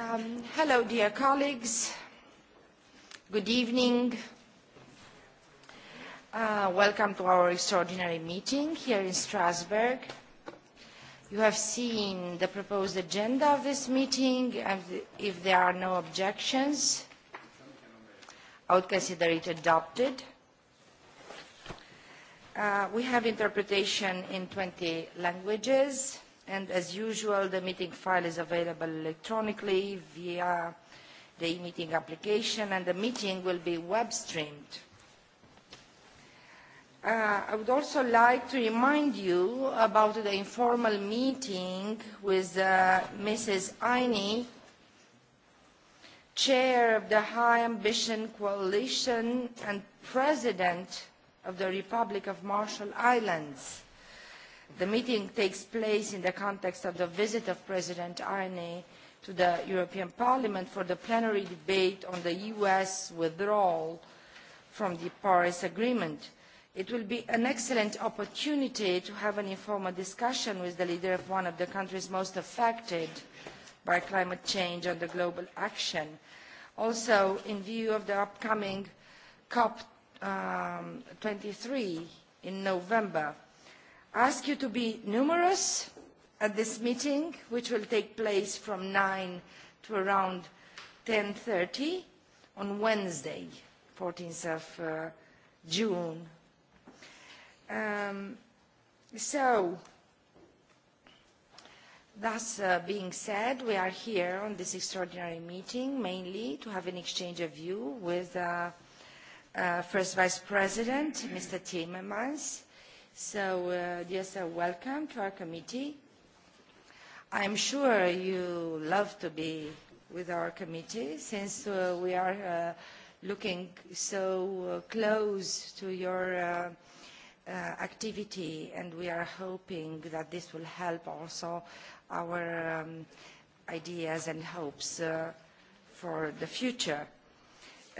Um, hello, dear colleagues. Good evening. Uh, welcome to our extraordinary meeting here in Strasbourg. You have seen the proposed agenda of this meeting, and if there are no objections, I would consider it adopted. Uh, we have interpretation in 20 languages. And as usual, the meeting file is available electronically via the e-meeting application, and the meeting will be web-streamed. Uh, I would also like to remind you about the informal meeting with uh, Mrs. Aini, Chair of the High Ambition Coalition and President of the Republic of Marshall Islands. The meeting takes place in the context of the visit of President Arne to the European Parliament for the plenary debate on the U.S. withdrawal from the Paris Agreement. It will be an excellent opportunity to have an informal discussion with the leader of one of the countries most affected by climate change and the global action. Also, in view of the upcoming COP um, in November, ask you to be numerous at this meeting, which will take place from 9 to around 10.30 on Wednesday, 14th of uh, June. Um, so, Thus, uh, being said, we are here on this extraordinary meeting mainly to have an exchange of view with uh, uh, First Vice President, Mr. Timmermans, So, uh, dear sir, welcome to our committee. I'm sure you love to be with our committee since uh, we are uh, looking so uh, close to your uh, uh, activity and we are hoping that this will help also our um, ideas and hopes uh, for the future.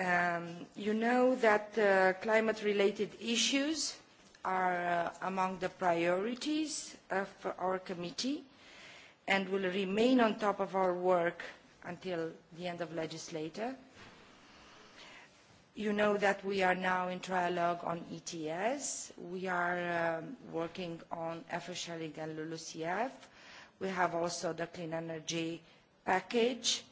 Um, you know that uh, climate-related issues are uh, among the priorities of our committee and will remain on top of our work until the end of legislature. You know that we are now in trialogue on ETS. We are um, working on Afrosharing and LULUCF. We have also the clean energy package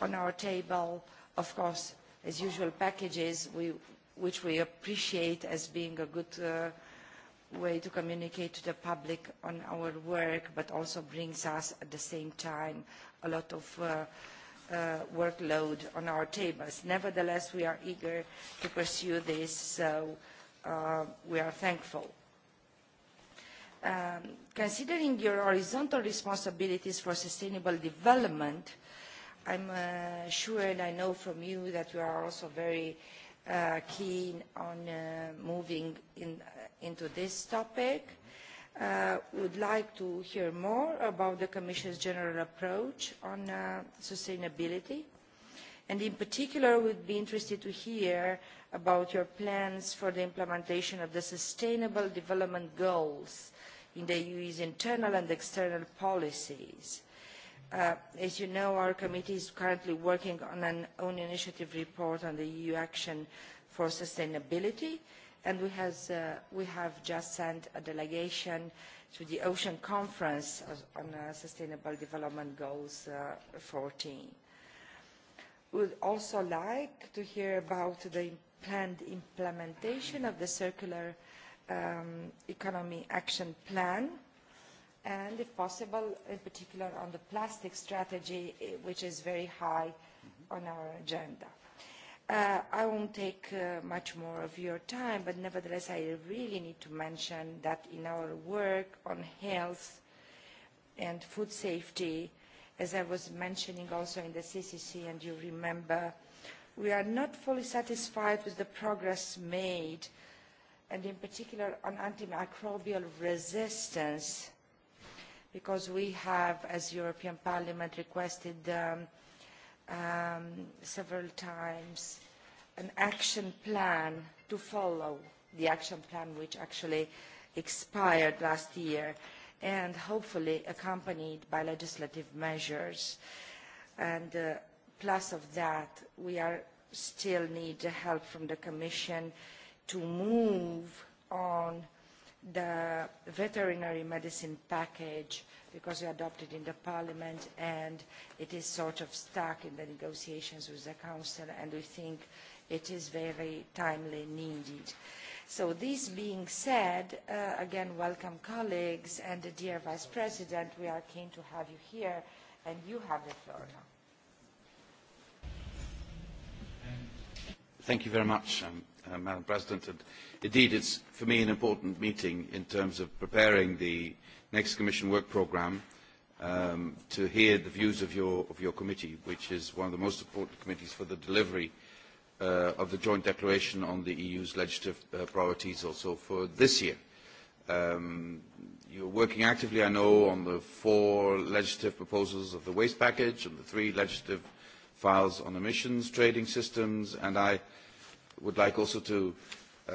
on our table. Of course, as usual packages, we which we appreciate as being a good uh, way to communicate to the public on our work, but also brings us at the same time a lot of uh, uh, workload on our tables. Nevertheless, we are eager to pursue this, so uh, we are thankful. Um, considering your horizontal responsibilities for sustainable development, I'm uh, sure and I know from you that you are also very uh, Uh, keen on uh, moving in, uh, into this topic. Uh, would like to hear more about the Commission's general approach on uh, sustainability. And in particular, we'd be interested to hear about your plans for the implementation of the Sustainable Development Goals in the EU's internal and external policies Uh, as you know, our committee is currently working on an own initiative report on the EU action for sustainability, and we, has, uh, we have just sent a delegation to the Ocean Conference on uh, Sustainable Development Goals uh, 14. We would also like to hear about the planned implementation of the Circular um, Economy Action Plan, and if possible, in particular on the plastic strategy, eh, which is very high mm-hmm. on our agenda. Uh, I won't take uh, much more of your time, but nevertheless, I really need to mention that in our work on health and food safety, as I was mentioning also in the CCC, and you remember, we are not fully satisfied with the progress made, and in particular on antimicrobial resistance because we have, as European Parliament, requested um, um, several times an action plan to follow the action plan which actually expired last year and hopefully accompanied by legislative measures. And uh, plus of that, we are still need help from the Commission to move on the veterinary medicine package because we adopted in the parliament and it is sort of stuck in the negotiations with the council and we think it is very timely needed. So this being said, uh, again, welcome colleagues and the dear Vice President. We are keen to have you here and you have the floor now. Thank you very much, um, uh, Madam President. And indeed, it's for me an important meeting in terms of preparing the next Commission work programme um, to hear the views of your, of your committee, which is one of the most important committees for the delivery uh, of the joint declaration on the EU's legislative uh, priorities also for this year. Um, you're working actively, I know, on the four legislative proposals of the waste package and the three legislative files on emissions trading systems, and I would like also to uh,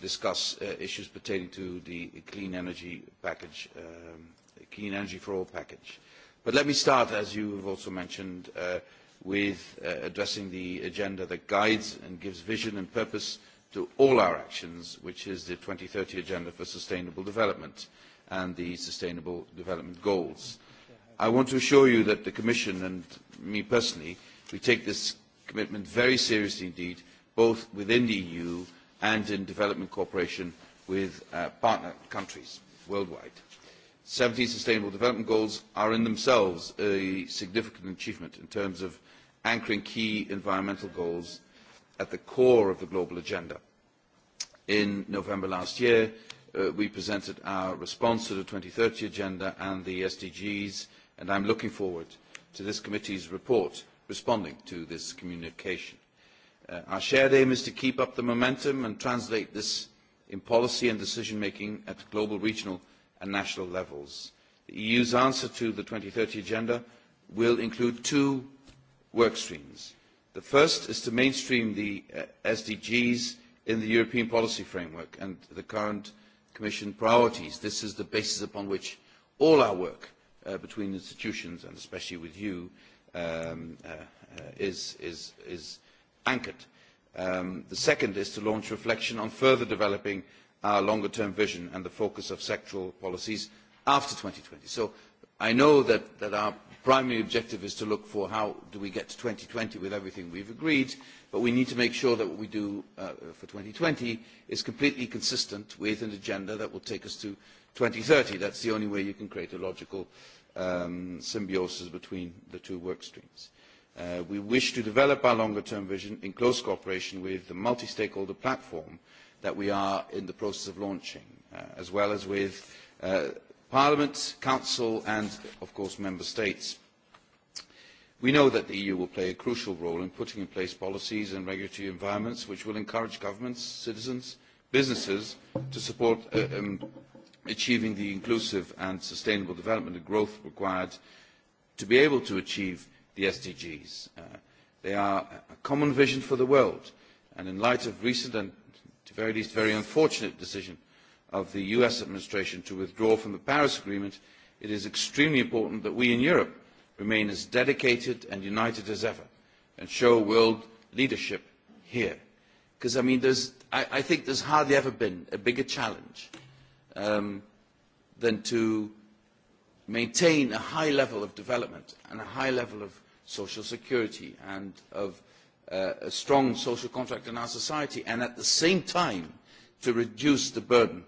discuss uh, issues pertaining to the clean energy package, um, clean energy for all package. But let me start, as you have also mentioned, uh, with uh, addressing the agenda that guides and gives vision and purpose to all our actions, which is the 2030 Agenda for Sustainable Development and the Sustainable Development Goals. I want to assure you that the Commission and me personally uh, We take this commitment very seriously indeed, both within the EU and in development cooperation with uh, partner countries worldwide. 17 Sustainable Development Goals are in themselves a significant achievement in terms of anchoring key environmental goals at the core of the global agenda. In November last year, uh, we presented our response to the 2030 Agenda and the SDGs, and I'm looking forward to this committee's report responding to this communication. Uh, our shared aim is to keep up the momentum and translate this in policy and decision making at global, regional and national levels. The EU's answer to the thirty agenda will include two work streams. The first is to mainstream the uh, SDGs in the European policy framework and the current Commission priorities. This is the basis upon which all our work uh, between institutions and especially with you um, uh, is, is, is anchored. Um, the second is to launch reflection on further developing our longer term vision and the focus of sectoral policies after 2020. So I know that, that our primary objective is to look for how do we get to 2020 with everything we've agreed, but we need to make sure that what we do uh, for 2020 is completely consistent with an agenda that will take us to 2030. That's the only way you can create a logical um, symbiosis between the two work streams. Uh, we wish to develop our longer-term vision in close cooperation with the multi-stakeholder platform that we are in the process of launching, uh, as well as with uh, Parliament, Council and, of course, Member States. We know that the EU will play a crucial role in putting in place policies and regulatory environments which will encourage governments, citizens, businesses to support uh, um, achieving the inclusive and sustainable development and growth required to be able to achieve the SDGs. Uh, they are a common vision for the world, and in light of recent and, to very least, very unfortunate decision of the US administration to withdraw from the Paris Agreement, it is extremely important that we in Europe remain as dedicated and united as ever and show world leadership here. Because, I mean, there's, I, I think there's hardly ever been a bigger challenge – um, than to maintain a high level of development and a high level of social security and of uh, a strong social contract in our society and at the same time to reduce the burden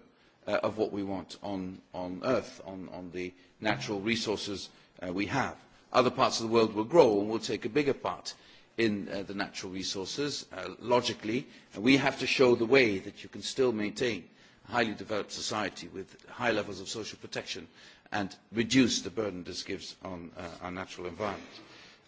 uh, of what we want on, on earth, on, on the natural resources uh, we have. Other parts of the world will grow and will take a bigger part in uh, the natural resources, uh, logically, and we have to show the way that you can still maintain highly developed society with high levels of social protection and reduce the burden this gives on uh, our natural environment.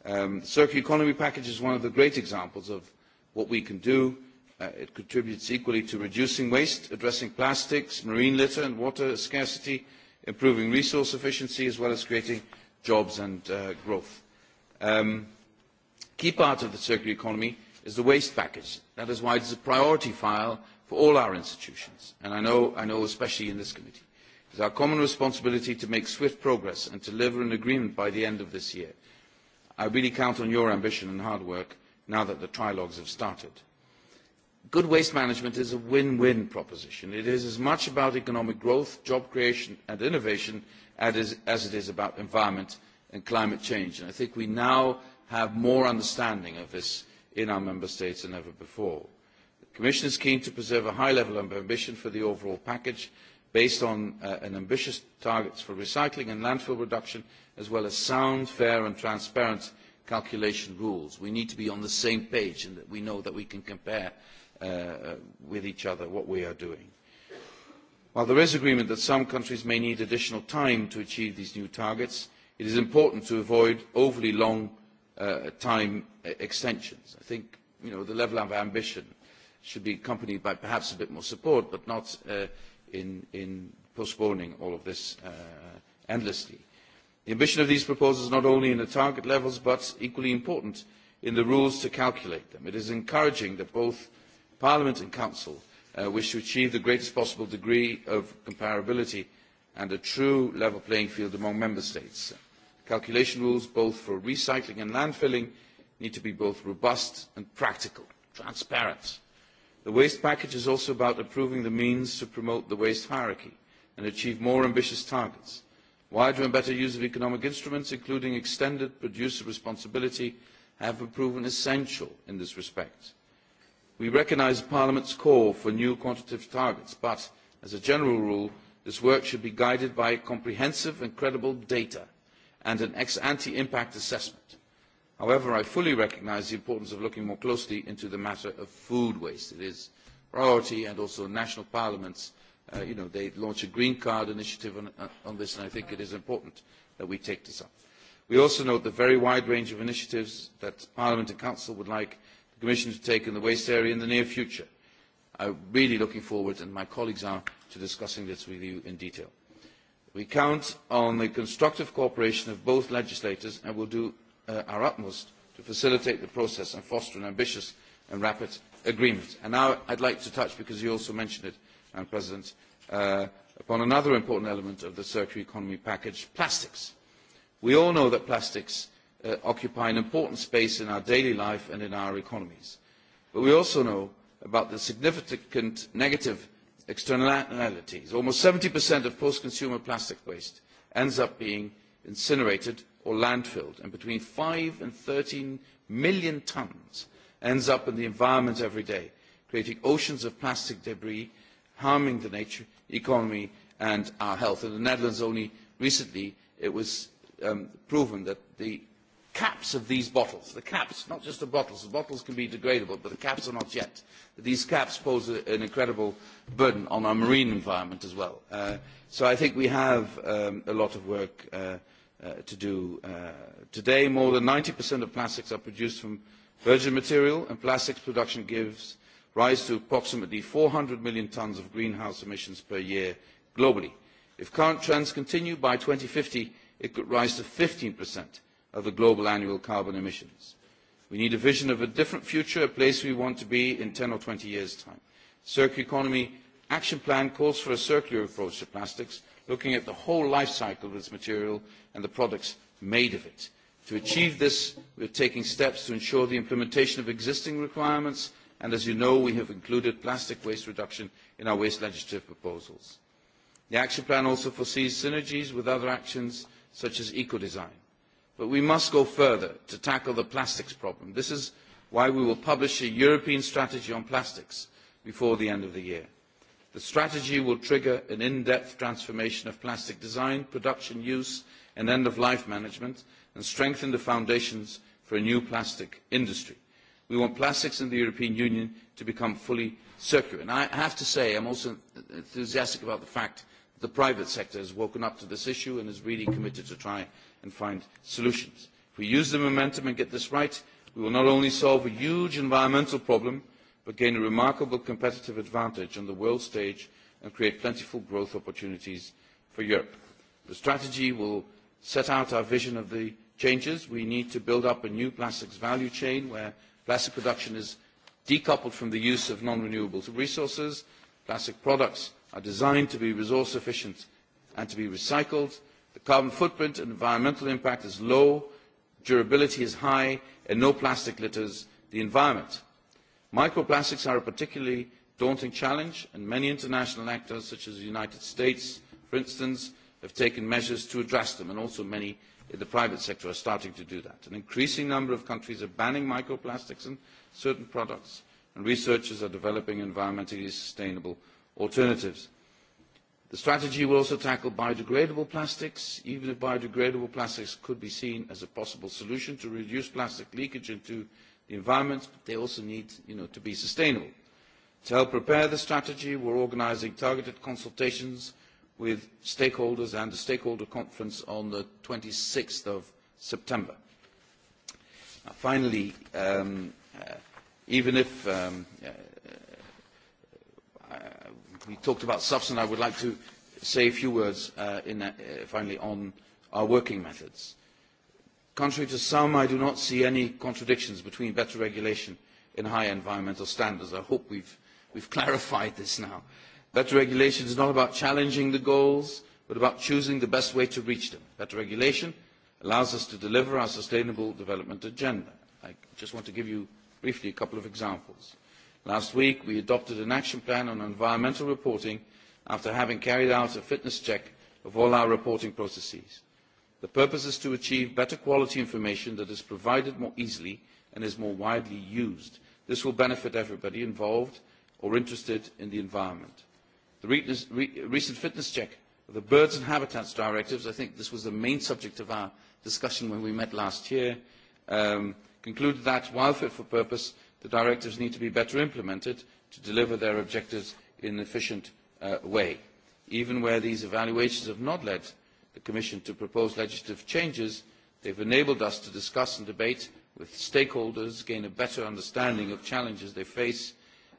Um, the circular economy package is one of the great examples of what we can do. Uh, it contributes equally to reducing waste, addressing plastics, marine litter and water scarcity, improving resource efficiency as well as creating jobs and uh, growth. Um, key part of the circular economy is the waste package. That is why it is a priority file for all our institutions, and I know, I know especially in this committee. It is our common responsibility to make swift progress and to deliver an agreement by the end of this year. I really count on your ambition and hard work now that the trilogues have started. Good waste management is a win-win proposition. It is as much about economic growth, job creation and innovation as it is about environment and climate change. And I think we now have more understanding of this in our member states than ever before. The Commission is keen to preserve a high level of ambition for the overall package based on uh, an ambitious targets for recycling and landfill reduction as well as sound, fair and transparent calculation rules. We need to be on the same page and that we know that we can compare uh, with each other what we are doing. While there is agreement that some countries may need additional time to achieve these new targets, it is important to avoid overly long uh, time uh, extensions. I think you know, the level of ambition should be accompanied by perhaps a bit more support, but not uh, in, in postponing all of this uh, endlessly. The ambition of these proposals is not only in the target levels, but equally important in the rules to calculate them. It is encouraging that both Parliament and Council uh, wish to achieve the greatest possible degree of comparability and a true level playing field among Member States. Calculation rules both for recycling and landfilling need to be both robust and practical, transparent, The waste package is also about approving the means to promote the waste hierarchy and achieve more ambitious targets. Wider and better use of economic instruments, including extended producer responsibility, have been proven essential in this respect. We recognise Parliament's call for new quantitative targets, but, as a general rule, this work should be guided by comprehensive and credible data and an ex-ante impact assessment. However, I fully recognise the importance of looking more closely into the matter of food waste. It is a priority and also national parliaments, uh, you know, they launch a green card initiative on, uh, on this and I think it is important that we take this up. We also note the very wide range of initiatives that Parliament and Council would like the Commission to take in the waste area in the near future. I am really looking forward, and my colleagues are, to discussing this with you in detail. We count on the constructive cooperation of both legislators and will do uh, our utmost to facilitate the process and foster an ambitious and rapid agreement. And now I'd like to touch, because you also mentioned it, Madam President, uh, upon another important element of the circular economy package, plastics. We all know that plastics uh, occupy an important space in our daily life and in our economies. But we also know about the significant negative externalities. Almost 70% of post-consumer plastic waste ends up being incinerated or landfilled, and between 5 and 13 million tons ends up in the environment every day, creating oceans of plastic debris, harming the nature, economy, and our health. In the Netherlands, only recently, it was um, proven that the caps of these bottles, the caps, not just the bottles, the bottles can be degradable, but the caps are not yet. These caps pose a, an incredible burden on our marine environment as well. Uh, so I think we have um, a lot of work uh, uh, to do. Uh, today, more than 90% of plastics are produced from virgin material, and plastics production gives rise to approximately 400 million tonnes of greenhouse emissions per year globally. If current trends continue, by 2050, it could rise to 15% of the global annual carbon emissions. We need a vision of a different future, a place we want to be in 10 or 20 years' time. Circular Economy Action Plan calls for a circular approach to plastics, looking at the whole life cycle of this material and the products made of it. To achieve this, we are taking steps to ensure the implementation of existing requirements, and as you know, we have included plastic waste reduction in our waste legislative proposals. The action plan also foresees synergies with other actions such as eco-design. But we must go further to tackle the plastics problem. This is why we will publish a European strategy on plastics before the end of the year. The strategy will trigger an in-depth transformation of plastic design, production use and end-of-life management and strengthen the foundations for a new plastic industry. We want plastics in the European Union to become fully circular. And I have to say I am also enthusiastic about the fact that the private sector has woken up to this issue and is really committed to try and find solutions. If we use the momentum and get this right, we will not only solve a huge environmental problem, but gain a remarkable competitive advantage on the world stage and create plentiful growth opportunities for Europe. The strategy will set out our vision of the changes. We need to build up a new plastics value chain where plastic production is decoupled from the use of non-renewable resources. Plastic products are designed to be resource efficient and to be recycled. The carbon footprint and environmental impact is low, durability is high, and no plastic litters the environment. Microplastics are a particularly daunting challenge, and many international actors, such as the United States, for instance, have taken measures to address them, and also many in the private sector are starting to do that. An increasing number of countries are banning microplastics in certain products, and researchers are developing environmentally sustainable alternatives. The strategy will also tackle biodegradable plastics, even if biodegradable plastics could be seen as a possible solution to reduce plastic leakage into the environment, but they also need you know, to be sustainable. To help prepare the strategy, we're organising targeted consultations with stakeholders and a stakeholder conference on the 26th of September. Now, finally, um, uh, even if um, uh, uh, we talked about substance, I would like to say a few words uh, in, uh, finally on our working methods. Contrary to some, I do not see any contradictions between better regulation and high environmental standards. I hope we've, we've clarified this now. Better regulation is not about challenging the goals, but about choosing the best way to reach them. Better regulation allows us to deliver our sustainable development agenda. I just want to give you briefly a couple of examples. Last week, we adopted an action plan on environmental reporting after having carried out a fitness check of all our reporting processes. The purpose is to achieve better quality information that is provided more easily and is more widely used. This will benefit everybody involved or interested in the environment. The recent fitness check of the Birds and Habitats Directives, I think this was the main subject of our discussion when we met last year, um, concluded that, while fit for purpose, the directives need to be better implemented to deliver their objectives in an efficient uh, way. Even where these evaluations have not led the Commission to propose legislative changes, they have enabled us to discuss and debate with stakeholders, gain a better understanding of challenges they face,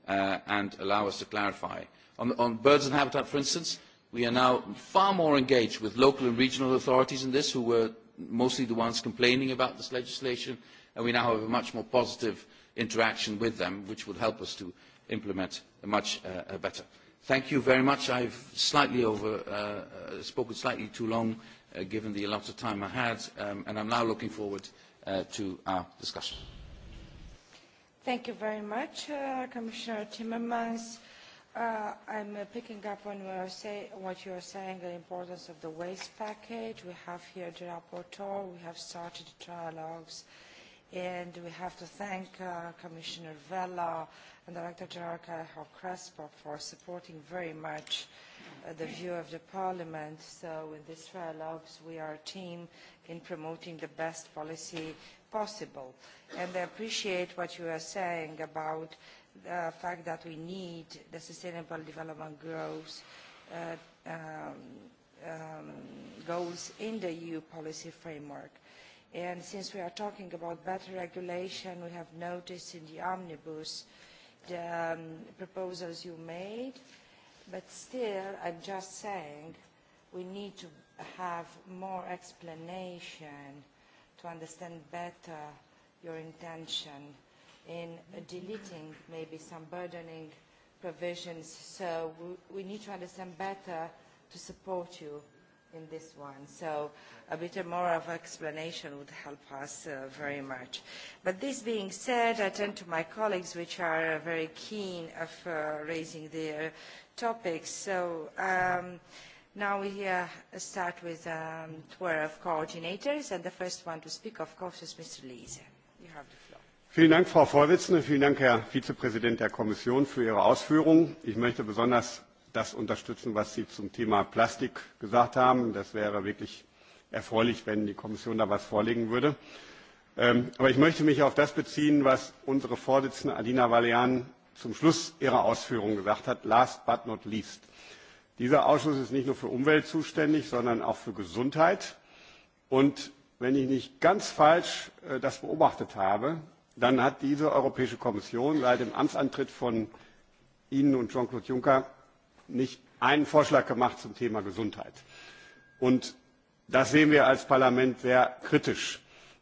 uh, and allow us to clarify. On, on birds and habitat, for instance, we are now far more engaged with local and regional authorities in this, who were mostly the ones complaining about this legislation, and we now have a much more positive interaction with them, which will help us to implement much uh, better. Thank you very much. I've slightly over, uh, uh, spoken slightly too long, uh, given the amount of time I had, um, and I'm now looking forward uh, to our discussion. Thank you very much, uh, Commissioner Timmermans. Uh, I'm uh, picking up on what, say, what you are saying, the importance of the waste package. We have here the rapporteur, we have started the trialogues. Uh, And we have to thank uh, Commissioner Vella and Director General Carajo Crespo for supporting very much uh, the view of the Parliament. So in this dialogues, we are a team in promoting the best policy possible. And I appreciate what you are saying about the fact that we need the sustainable development growth uh, um, um, goals in the EU policy framework. And since we are talking about better regulation, we have noticed in the omnibus the um, proposals you made. But still, I'm just saying we need to have more explanation to understand better your intention in deleting maybe some burdening provisions. So we, we need to understand better to support you in this one. So a bit more of explanation would help us uh, very much. But this being said, I turn to my colleagues, which are uh, very keen of uh, raising their topics. So um, now we uh, start with um, tour of coordinators, and the first one to speak, of course, is Mr. Liese. You have the floor. Vielen Dank, Frau Vorsitzende. Vielen Dank, Herr Vizepräsident der Kommission, für Ihre Ausführungen. Ich möchte besonders das unterstützen, was Sie zum Thema Plastik gesagt haben. Das wäre wirklich erfreulich, wenn die Kommission da was vorlegen würde. Ähm, aber ich möchte mich auf das beziehen, was unsere Vorsitzende Adina Valian zum Schluss ihrer Ausführungen gesagt hat, last but not least. Dieser Ausschuss ist nicht nur für Umwelt zuständig, sondern auch für Gesundheit. Und wenn ich nicht ganz falsch äh, das beobachtet habe, dann hat diese Europäische Kommission seit dem Amtsantritt von Ihnen und Jean-Claude Juncker nicht einen Vorschlag gemacht zum Thema Gesundheit. Und das sehen wir als Parlament sehr kritisch.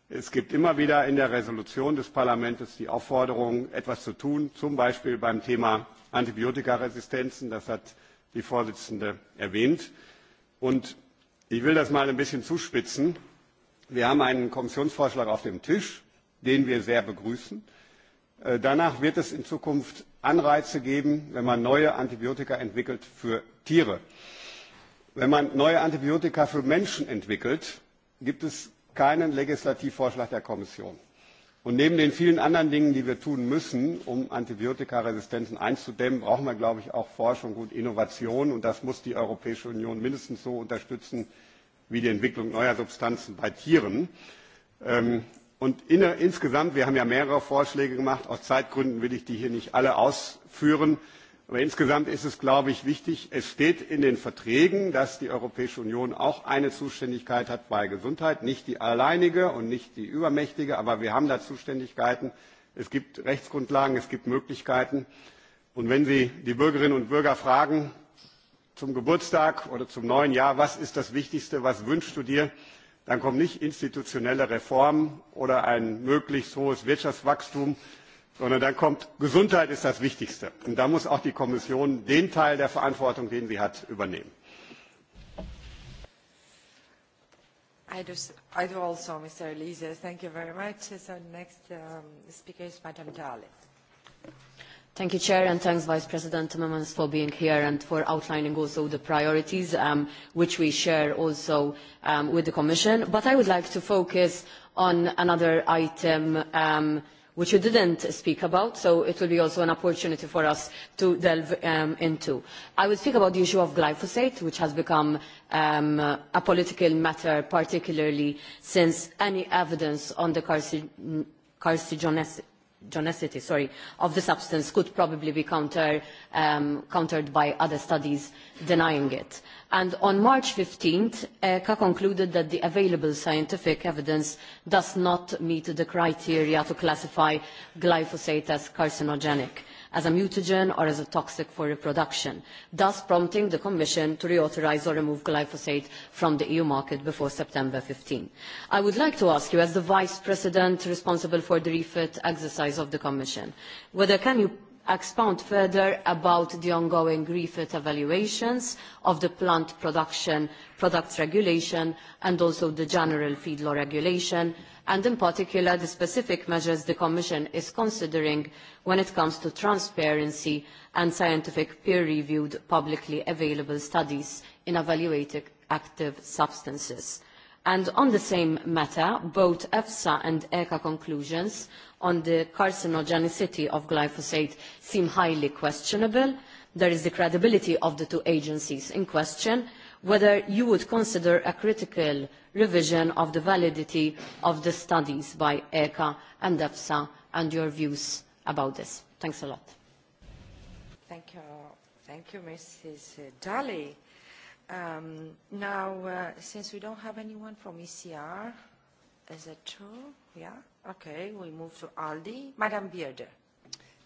Es gibt immer wieder in der Resolution des Parlaments die Aufforderung, etwas zu tun, zum Beispiel beim Thema Antibiotikaresistenzen. Das hat die Vorsitzende erwähnt. Und ich will das mal ein bisschen zuspitzen. Wir haben einen Kommissionsvorschlag auf dem Tisch, den wir sehr begrüßen. Äh, danach wird es in Zukunft Anreize geben, wenn man neue Antibiotika entwickelt für Tiere. Wenn man neue Antibiotika für Menschen entwickelt, gibt es keinen Legislativvorschlag der Kommission. Und neben den vielen anderen Dingen, die wir tun müssen, um Antibiotikaresistenzen einzudämmen, brauchen wir, glaube ich, auch Forschung und Innovation. Und das muss die Europäische Union mindestens so unterstützen wie die Entwicklung neuer Substanzen bei Tieren. Ähm, Und in, insgesamt, wir haben ja mehrere Vorschläge gemacht, aus Zeitgründen will ich die hier nicht alle ausführen, aber insgesamt ist es, glaube ich, wichtig, es steht in den Verträgen, dass die Europäische Union auch eine Zuständigkeit hat bei Gesundheit, nicht die alleinige und nicht die übermächtige, aber wir haben da Zuständigkeiten, es gibt Rechtsgrundlagen, es gibt Möglichkeiten. Und wenn Sie die Bürgerinnen und Bürger fragen, zum Geburtstag oder zum neuen Jahr, was ist das Wichtigste, was wünschst du dir, dann kommt nicht institutionelle Reform oder ein möglichst hohes Wirtschaftswachstum, sondern dann kommt Gesundheit ist das Wichtigste. Und da muss auch die Kommission den Teil der Verantwortung, den sie hat, übernehmen. I I do also, Mr. Elise, thank you very much. So next um, speaker is Thank you, Chair, and thanks, Vice President Timmermans, for being here and for outlining also the priorities, um, which we share also um, with the Commission. But I would like to focus on another item um, which you didn't speak about, so it will be also an opportunity for us to delve um, into. I will speak about the issue of glyphosate, which has become um, a political matter, particularly since any evidence on the carcinogenicity genicity sorry, of the substance could probably be counter, um, countered by other studies denying it. And on March 15th, ECA uh, concluded that the available scientific evidence does not meet the criteria to classify glyphosate as carcinogenic as a mutagen or as a toxic for reproduction, thus prompting the Commission to reauthorize or remove glyphosate from the EU market before September 15. I would like to ask you, as the Vice President responsible for the refit exercise of the Commission, whether can you expound further about the ongoing refit evaluations of the plant production products regulation and also the general feed law regulation and in particular the specific measures the Commission is considering when it comes to transparency and scientific peer-reviewed publicly available studies in evaluating active substances. And on the same matter, both EFSA and ECA conclusions on the carcinogenicity of glyphosate seem highly questionable. There is the credibility of the two agencies in question, whether you would consider a critical revision of the validity of the studies by ECA and EFSA and your views about this. Thanks a lot. Thank you. Thank you, Mrs. Daly. Um, now, uh, since we don't have anyone from ECR, is that true? Yeah? Okay, we move to Aldi. Madam Bierder.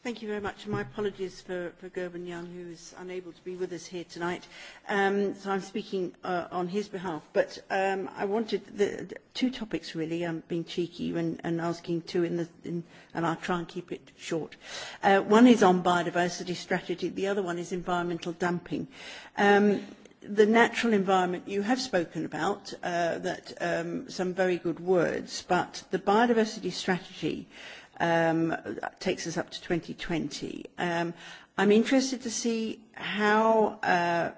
Thank you very much. My apologies for, for Gerben Young, who is unable to be with us here tonight. Um, so I'm speaking uh, on his behalf. But um, I wanted the, the two topics, really. I'm um, being cheeky and, and asking two, in the, in, and I'll try and keep it short. Uh, one is on biodiversity strategy. The other one is environmental dumping. Um, the natural environment you have spoken about, uh, that um, some very good words, but the biodiversity strategy – um, that takes us up to 2020. Um, I'm interested to see how uh,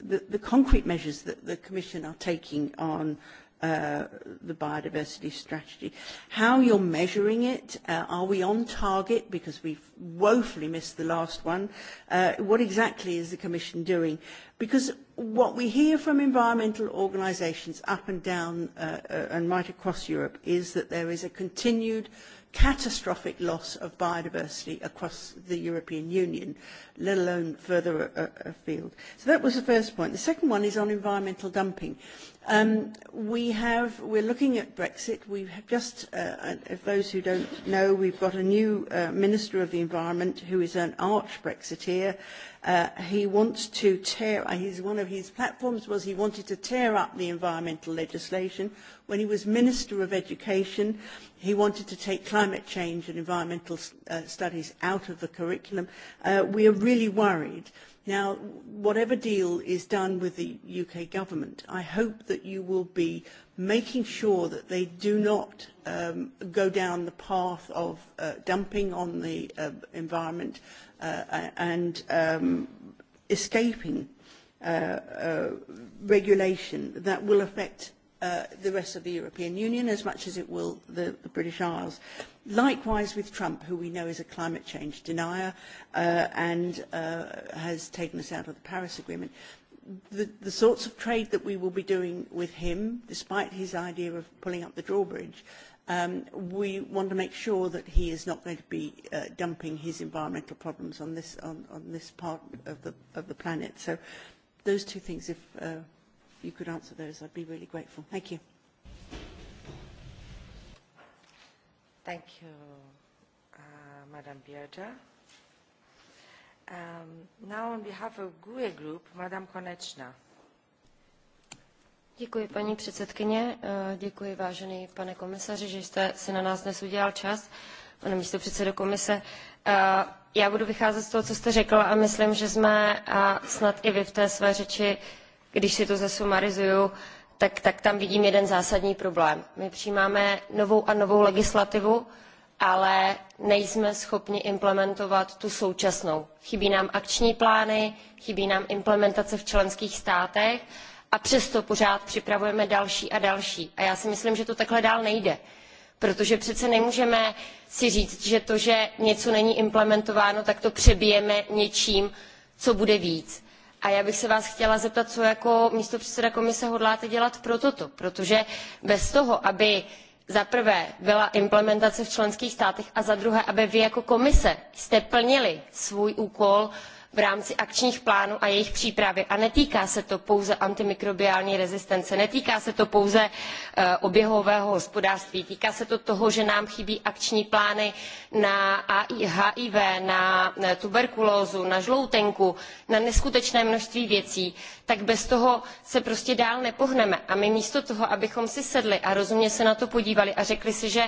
the, the concrete measures that the Commission are taking on uh, the biodiversity strategy, how you're measuring it, uh, are we on target because we've woefully missed the last one, uh, what exactly is the Commission doing? Because what we hear from environmental organisations up and down uh, uh, and right across Europe is that there is a continued uh, catastrophic loss of biodiversity across the European Union, let alone further uh, uh, afield. So that was the first point. The second one is on environmental dumping. Um, we have, we're looking at Brexit. We have just, uh, if those who don't know, we've got a new uh, Minister of the Environment who is an arch Brexiteer Uh, he wants to tear, uh, his, one of his platforms was he wanted to tear up the environmental legislation. When he was Minister of Education, he wanted to take climate change and environmental uh, studies out of the curriculum. Uh, we are really worried. Now, whatever deal is done with the UK government, I hope that you will be making sure that they do not um, go down the path of uh, dumping on the uh, environment uh, and um, escaping uh, uh, regulation that will affect uh, the rest of the European Union as much as it will the, the British Isles. Likewise with Trump, who we know is a climate change denier uh, and uh, has taken us out of the Paris Agreement the, the sorts of trade that we will be doing with him, despite his idea of pulling up the drawbridge, um, we want to make sure that he is not going to be uh, dumping his environmental problems on this, on, on this part of the, of the planet. So those two things, if uh, you could answer those, I'd be really grateful. Thank you. Thank you, uh, Madam Bierda. Um, now on behalf of GUE Group, Děkuji, paní předsedkyně, eh, děkuji, vážený pane komisaři, že jste si na nás dnes udělal čas, pane místo předsedo komise. Eh, já budu vycházet z toho, co jste řekl a myslím, že jsme a eh, snad i vy v té své řeči, když si to zasumarizuju, tak, tak tam vidím jeden zásadní problém. My přijímáme novou a novou legislativu, ale nejsme schopni implementovat tu současnou. Chybí nám akční plány, chybí nám implementace v členských státech a přesto pořád připravujeme další a další. A já si myslím, že to takhle dál nejde. Protože přece nemůžeme si říct, že to, že něco není implementováno, tak to přebijeme něčím, co bude víc. A já bych se vás chtěla zeptat, co jako místo předseda komise hodláte dělat pro toto. Protože bez toho, aby za prvé byla implementace v členských státech a za druhé, aby vy jako komise jste plnili svůj úkol v rámci akčních plánů a jejich přípravy. A netýká se to pouze antimikrobiální rezistence, netýká se to pouze eh, oběhového hospodářství, týká se to toho, že nám chybí akční plány na HIV, na tuberkulózu, na žloutenku, na neskutečné množství věcí, tak bez toho se prostě dál nepohneme. A my místo toho, abychom si sedli a rozumně se na to podívali a řekli si, že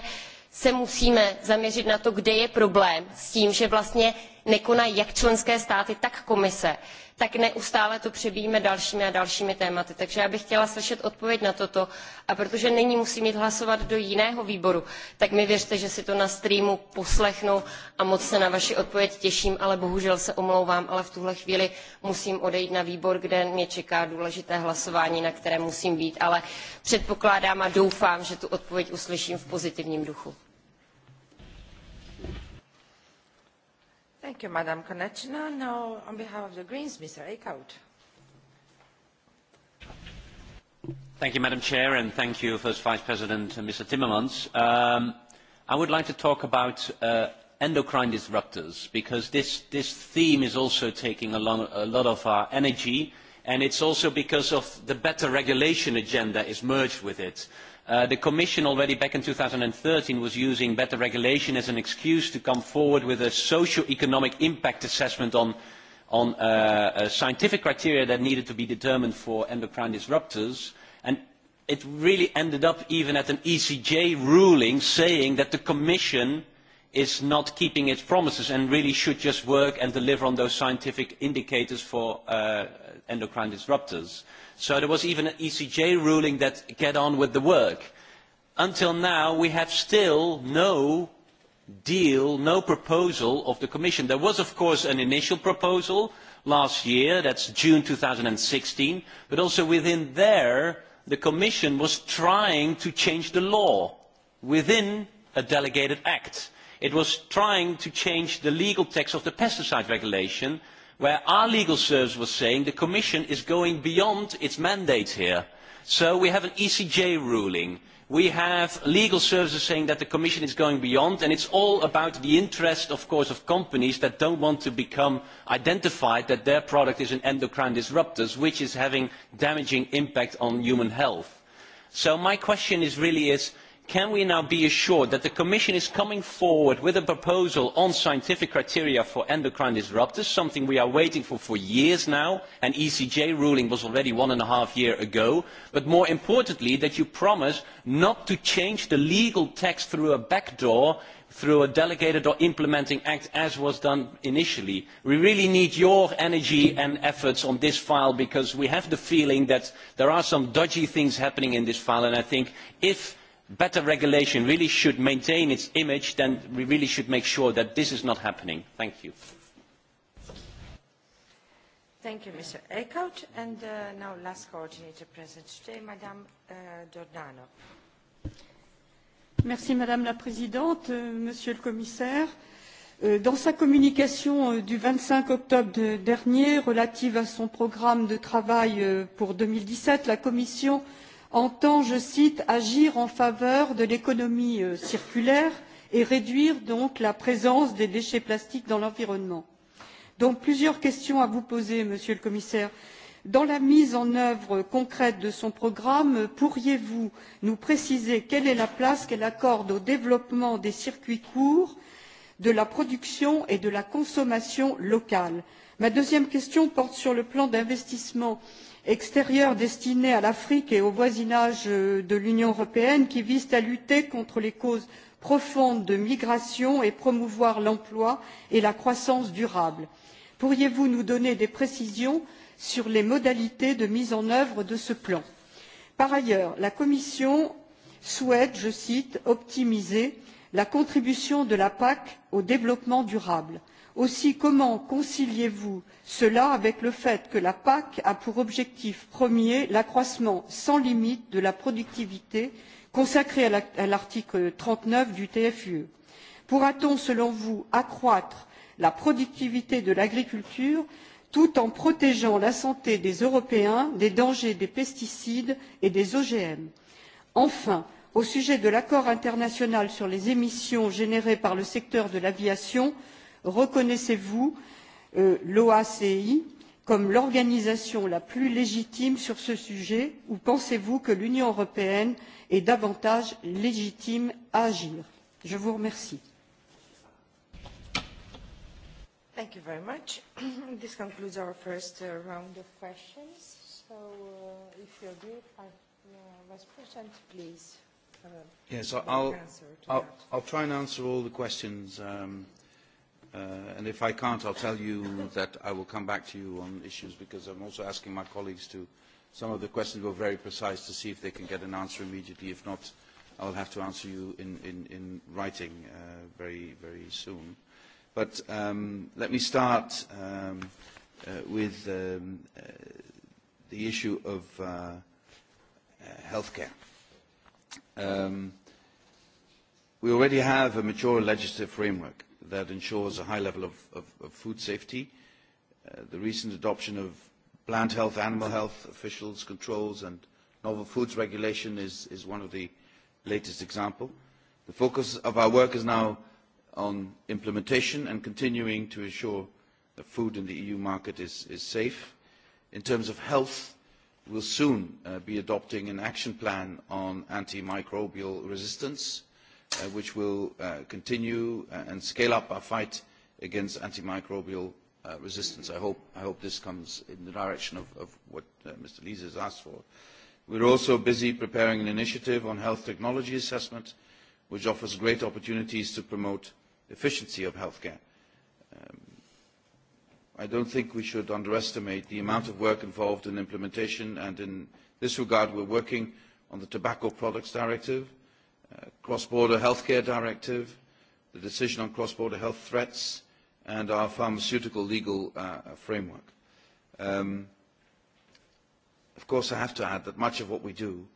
se musíme zaměřit na to, kde je problém s tím, že vlastně nekonají jak členské státy, tak komise tak neustále to přebíjíme dalšími a dalšími tématy. Takže já bych chtěla slyšet odpověď na toto. A protože nyní musím jít hlasovat do jiného výboru, tak mi věřte, že si to na streamu poslechnu a moc se na vaši odpověď těším, ale bohužel se omlouvám, ale v tuhle chvíli musím odejít na výbor, kde mě čeká důležité hlasování, na které musím být, ale předpokládám a doufám, že tu odpověď uslyším v pozitivním duchu. Thank you, Madam Konechna. Now, on behalf of the Greens, Mr. Eickhout. Thank you, Madam Chair, and thank you, First Vice President uh, Mr. Timmermans. Um, I would like to talk about uh, endocrine disruptors, because this, this theme is also taking a, long, a lot of our energy, and it's also because of the better regulation agenda is merged with it. Uh, the Commission already back in 2013 was using better regulation as an excuse to come forward with a socio-economic impact assessment on, on uh, uh, scientific criteria that needed to be determined for endocrine disruptors. And it really ended up even at an ECJ ruling saying that the Commission is not keeping its promises and really should just work and deliver on those scientific indicators for uh, endocrine disruptors. So there was even an ECJ ruling that get on with the work. Until now, we have still no deal, no proposal of the Commission. There was, of course, an initial proposal last year, that's June 2016, but also within there, the Commission was trying to change the law within a delegated act. It was trying to change the legal text of the pesticide regulation where our legal service was saying the Commission is going beyond its mandate here. So we have an ECJ ruling. We have legal services saying that the Commission is going beyond, and it's all about the interest, of course, of companies that don't want to become identified that their product is an endocrine disruptor, which is having damaging impact on human health. So my question is really is, can we now be assured that the Commission is coming forward with a proposal on scientific criteria for endocrine disruptors, something we are waiting for for years now, an ECJ ruling was already one and a half years ago, but more importantly that you promise not to change the legal text through a back door through a delegated or implementing act as was done initially. We really need your energy and efforts on this file because we have the feeling that there are some dodgy things happening in this file and I think if better regulation really should maintain its image, then we really should make sure that this is not happening. Thank you. Thank you, Mr. Eckhout. And uh, now last coordinator present today, Madame uh, Giordano. Merci, Madame la Présidente, euh, Monsieur le Commissaire. Euh, dans sa communication euh, du 25 octobre de, dernier relative à son programme de travail euh, pour 2017, la Commission euh, entend, je cite, agir en faveur de l'économie euh, circulaire et réduire donc la présence des déchets plastiques dans l'environnement. Donc plusieurs questions à vous poser, Monsieur le Commissaire. Dans la mise en œuvre concrète de son programme, pourriez-vous nous préciser quelle est la place qu'elle accorde au développement des circuits courts, de la production et de la consommation locale Ma deuxième question porte sur le plan d'investissement euh, extérieures destinées à l'Afrique et au voisinage euh, de l'Union européenne qui visent à lutter contre les causes profondes de migration et promouvoir l'emploi et la croissance durable. Pourriez vous nous donner des précisions sur les modalités de mise en œuvre de ce plan? Par ailleurs, la Commission souhaite, je cite, optimiser la contribution de la PAC au développement durable. Aussi, comment conciliez-vous cela avec le fait que la PAC a pour objectif premier l'accroissement sans limite de la productivité consacré à l'article trente neuf du TFUE Pourra-t-on, selon vous, accroître la productivité de l'agriculture tout en protégeant la santé des Européens des dangers des pesticides et des OGM Enfin, au sujet de l'accord international sur les émissions générées par le secteur de l'aviation, reconnaissez-vous euh, l'OACI comme l'organisation la plus légitime sur ce sujet ou pensez-vous que l'Union européenne est davantage légitime à agir Je vous remercie. Thank you very much. This concludes our first uh, round of questions. So uh, if you agree, uh, Vice President, please. Uh, yes, I'll, I'll, I'll try and answer all the questions um, Uh, and if I can't, I'll tell you that I will come back to you on issues because I'm also asking my colleagues to, some of the questions were very precise to see if they can get an answer immediately. If not, I'll have to answer you in, in, in writing uh, very, very soon. But um, let me start um, uh, with um, uh, the issue of uh, uh, healthcare. Um, we already have a mature legislative framework that ensures a high level of, of, of food safety. Uh, the recent adoption of plant health, animal health, officials, controls and novel foods regulation is, is one of the latest examples. The focus of our work is now on implementation and continuing to ensure that food in the EU market is, is safe. In terms of health, we'll soon uh, be adopting an action plan on antimicrobial resistance uh, which will uh, continue uh, and scale up our fight against antimicrobial uh, resistance. I hope, I hope this comes in the direction of, of what uh, Mr. Lees has asked for. We're also busy preparing an initiative on health technology assessment, which offers great opportunities to promote efficiency of healthcare. Um, I don't think we should underestimate the amount of work involved in implementation, and in this regard, we're working on the Tobacco Products Directive – cross-border healthcare directive, the decision on cross-border health threats, and our pharmaceutical legal uh, framework. Um, of course, I have to add that much of what we do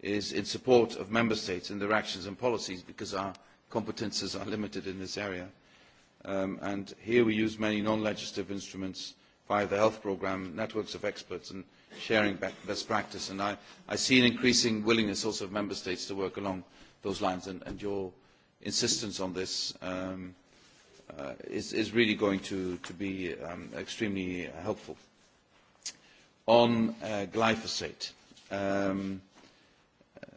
is in support of member states in their actions and policies because our competences are limited in this area. Um, and here we use many non-legislative instruments via the health programme, networks of experts and sharing best practice. And I, I see an increasing willingness also of member states to work along those lines and, and your insistence on this um, uh, is, is really going to, to be um, extremely helpful. On uh, glyphosate, um, uh,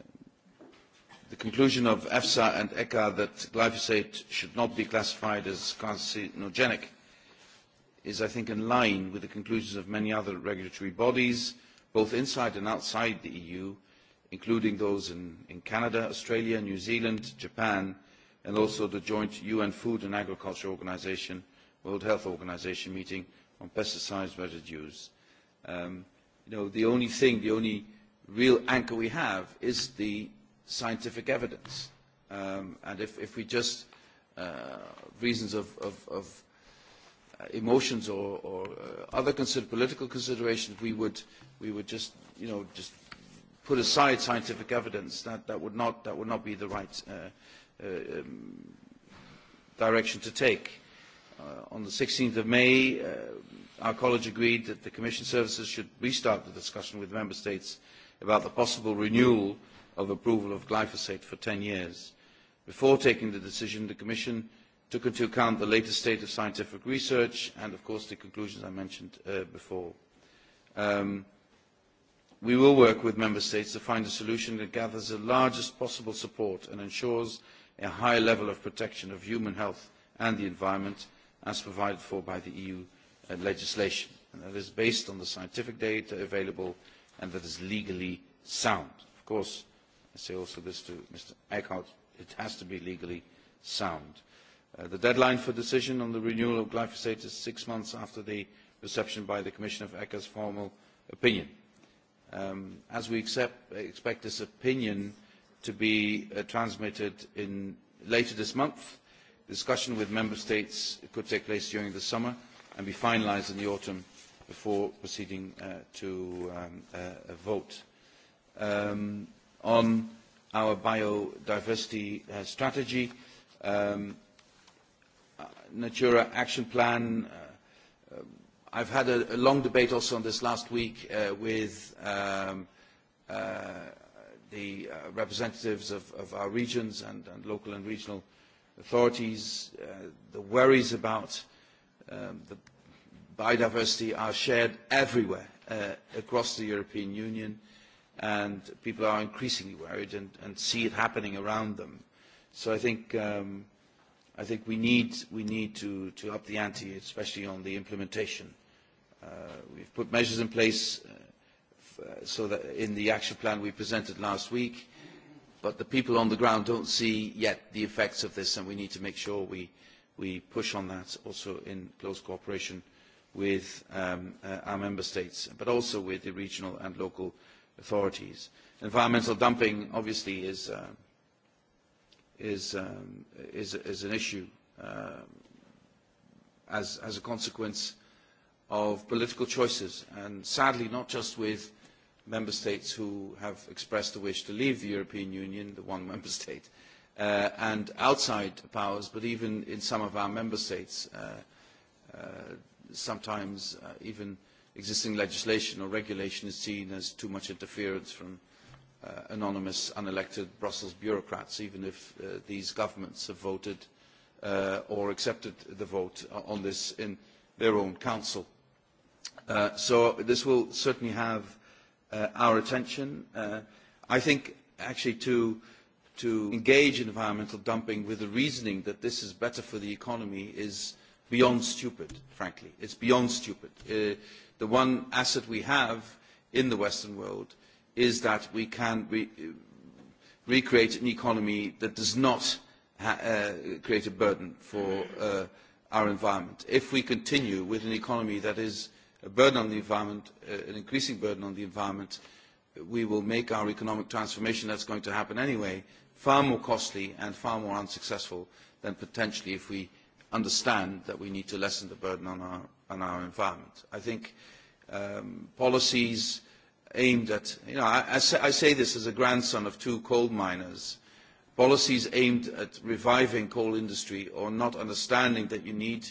the conclusion of EFSA and ECHA that glyphosate should not be classified as carcinogenic is, I think, in line with the conclusions of many other regulatory bodies, both inside and outside the EU, including those in, in Canada, Australia, New Zealand, Japan, and also the joint UN Food and Agriculture Organization, World Health Organization meeting on pesticides residues. Um, you know, the only thing, the only real anchor we have is the scientific evidence. Um, and if, if we just, uh, reasons of, of, of uh, emotions or, or uh, other consider political considerations, we would, we would just, you know, just put aside scientific evidence. That, that, would, not, that would not be the right uh, uh, um, direction to take. Uh, on the 16th of May, uh, our college agreed that the Commission services should restart the discussion with Member States about the possible renewal of approval of glyphosate for 10 years. Before taking the decision, the Commission took into account the latest state of scientific research and, of course, the conclusions I mentioned uh, before. Um, We will work with Member States to find a solution that gathers the largest possible support and ensures a high level of protection of human health and the environment as provided for by the EU uh, legislation. And that is based on the scientific data available and that is legally sound. Of course, I say also this to Mr. Eickhout, it has to be legally sound. Uh, the deadline for decision on the renewal of glyphosate is six months after the reception by the Commission of ECHA's formal opinion. Um, as we accept, expect this opinion to be uh, transmitted in later this month, discussion with Member States could take place during the summer and be finalised in the autumn before proceeding uh, to um, uh, a vote. Um, on our biodiversity uh, strategy, um, uh, Natura Action Plan, uh, I've had a, a long debate also on this last week uh, with um, uh, the uh, representatives of, of our regions and, and local and regional authorities. Uh, the worries about um, the biodiversity are shared everywhere uh, across the European Union and people are increasingly worried and, and see it happening around them. So I think, um, I think we need, we need to, to up the ante, especially on the implementation Uh, we've put measures in place uh, uh, so that in the action plan we presented last week, but the people on the ground don't see yet the effects of this, and we need to make sure we, we push on that also in close cooperation with um, uh, our member states, but also with the regional and local authorities. Environmental dumping obviously is, uh, is, um, is, is an issue uh, as, as a consequence of political choices, and sadly not just with member states who have expressed a wish to leave the European Union, the one member state, uh, and outside powers, but even in some of our member states, uh, uh, sometimes uh, even existing legislation or regulation is seen as too much interference from uh, anonymous, unelected Brussels bureaucrats, even if uh, these governments have voted uh, or accepted the vote uh, on this in their own council. Uh, so this will certainly have uh, our attention. Uh, I think actually to, to engage in environmental dumping with the reasoning that this is better for the economy is beyond stupid, frankly. It's beyond stupid. Uh, the one asset we have in the Western world is that we can re uh, recreate an economy that does not ha uh, create a burden for uh, our environment. If we continue with an economy that is a burden on the environment, uh, an increasing burden on the environment, uh, we will make our economic transformation that's going to happen anyway far more costly and far more unsuccessful than potentially if we understand that we need to lessen the burden on our, on our environment. I think um, policies aimed at, you know, I, I, say, I say this as a grandson of two coal miners, policies aimed at reviving coal industry or not understanding that you need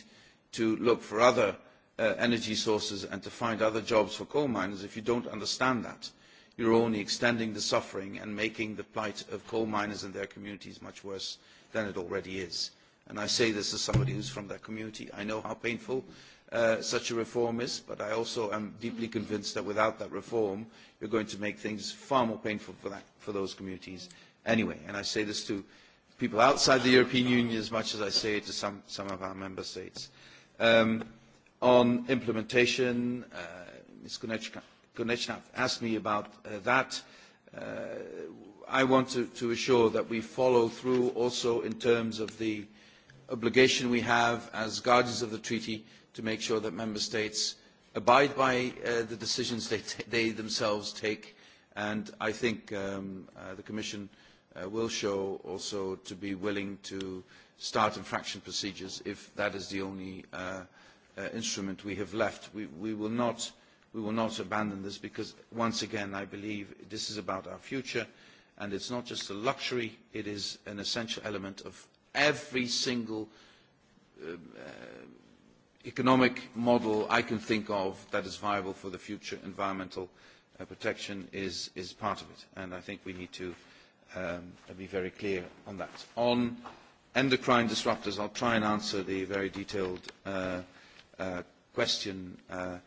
to look for other uh, energy sources and to find other jobs for coal miners, if you don't understand that, you're only extending the suffering and making the plight of coal miners and their communities much worse than it already is. And I say this as somebody who's from that community. I know how painful uh, such a reform is, but I also am deeply convinced that without that reform, you're going to make things far more painful for, that, for those communities anyway. And I say this to people outside the European Union as much as I say it to some, some of our member states. Um, On implementation, uh, Ms. Konechna asked me about uh, that. Uh, I want to, to assure that we follow through also in terms of the obligation we have as guardians of the treaty to make sure that member states abide by uh, the decisions they, they themselves take and I think um, uh, the Commission uh, will show also to be willing to start infraction procedures if that is the only uh, uh, instrument we have left. We, we, will not, we will not abandon this because, once again, I believe this is about our future and it's not just a luxury, it is an essential element of every single uh, uh, economic model I can think of that is viable for the future environmental uh, protection is, is part of it. And I think we need to um, be very clear on that. On endocrine disruptors, I'll try and answer the very detailed uh, Uh, question uh,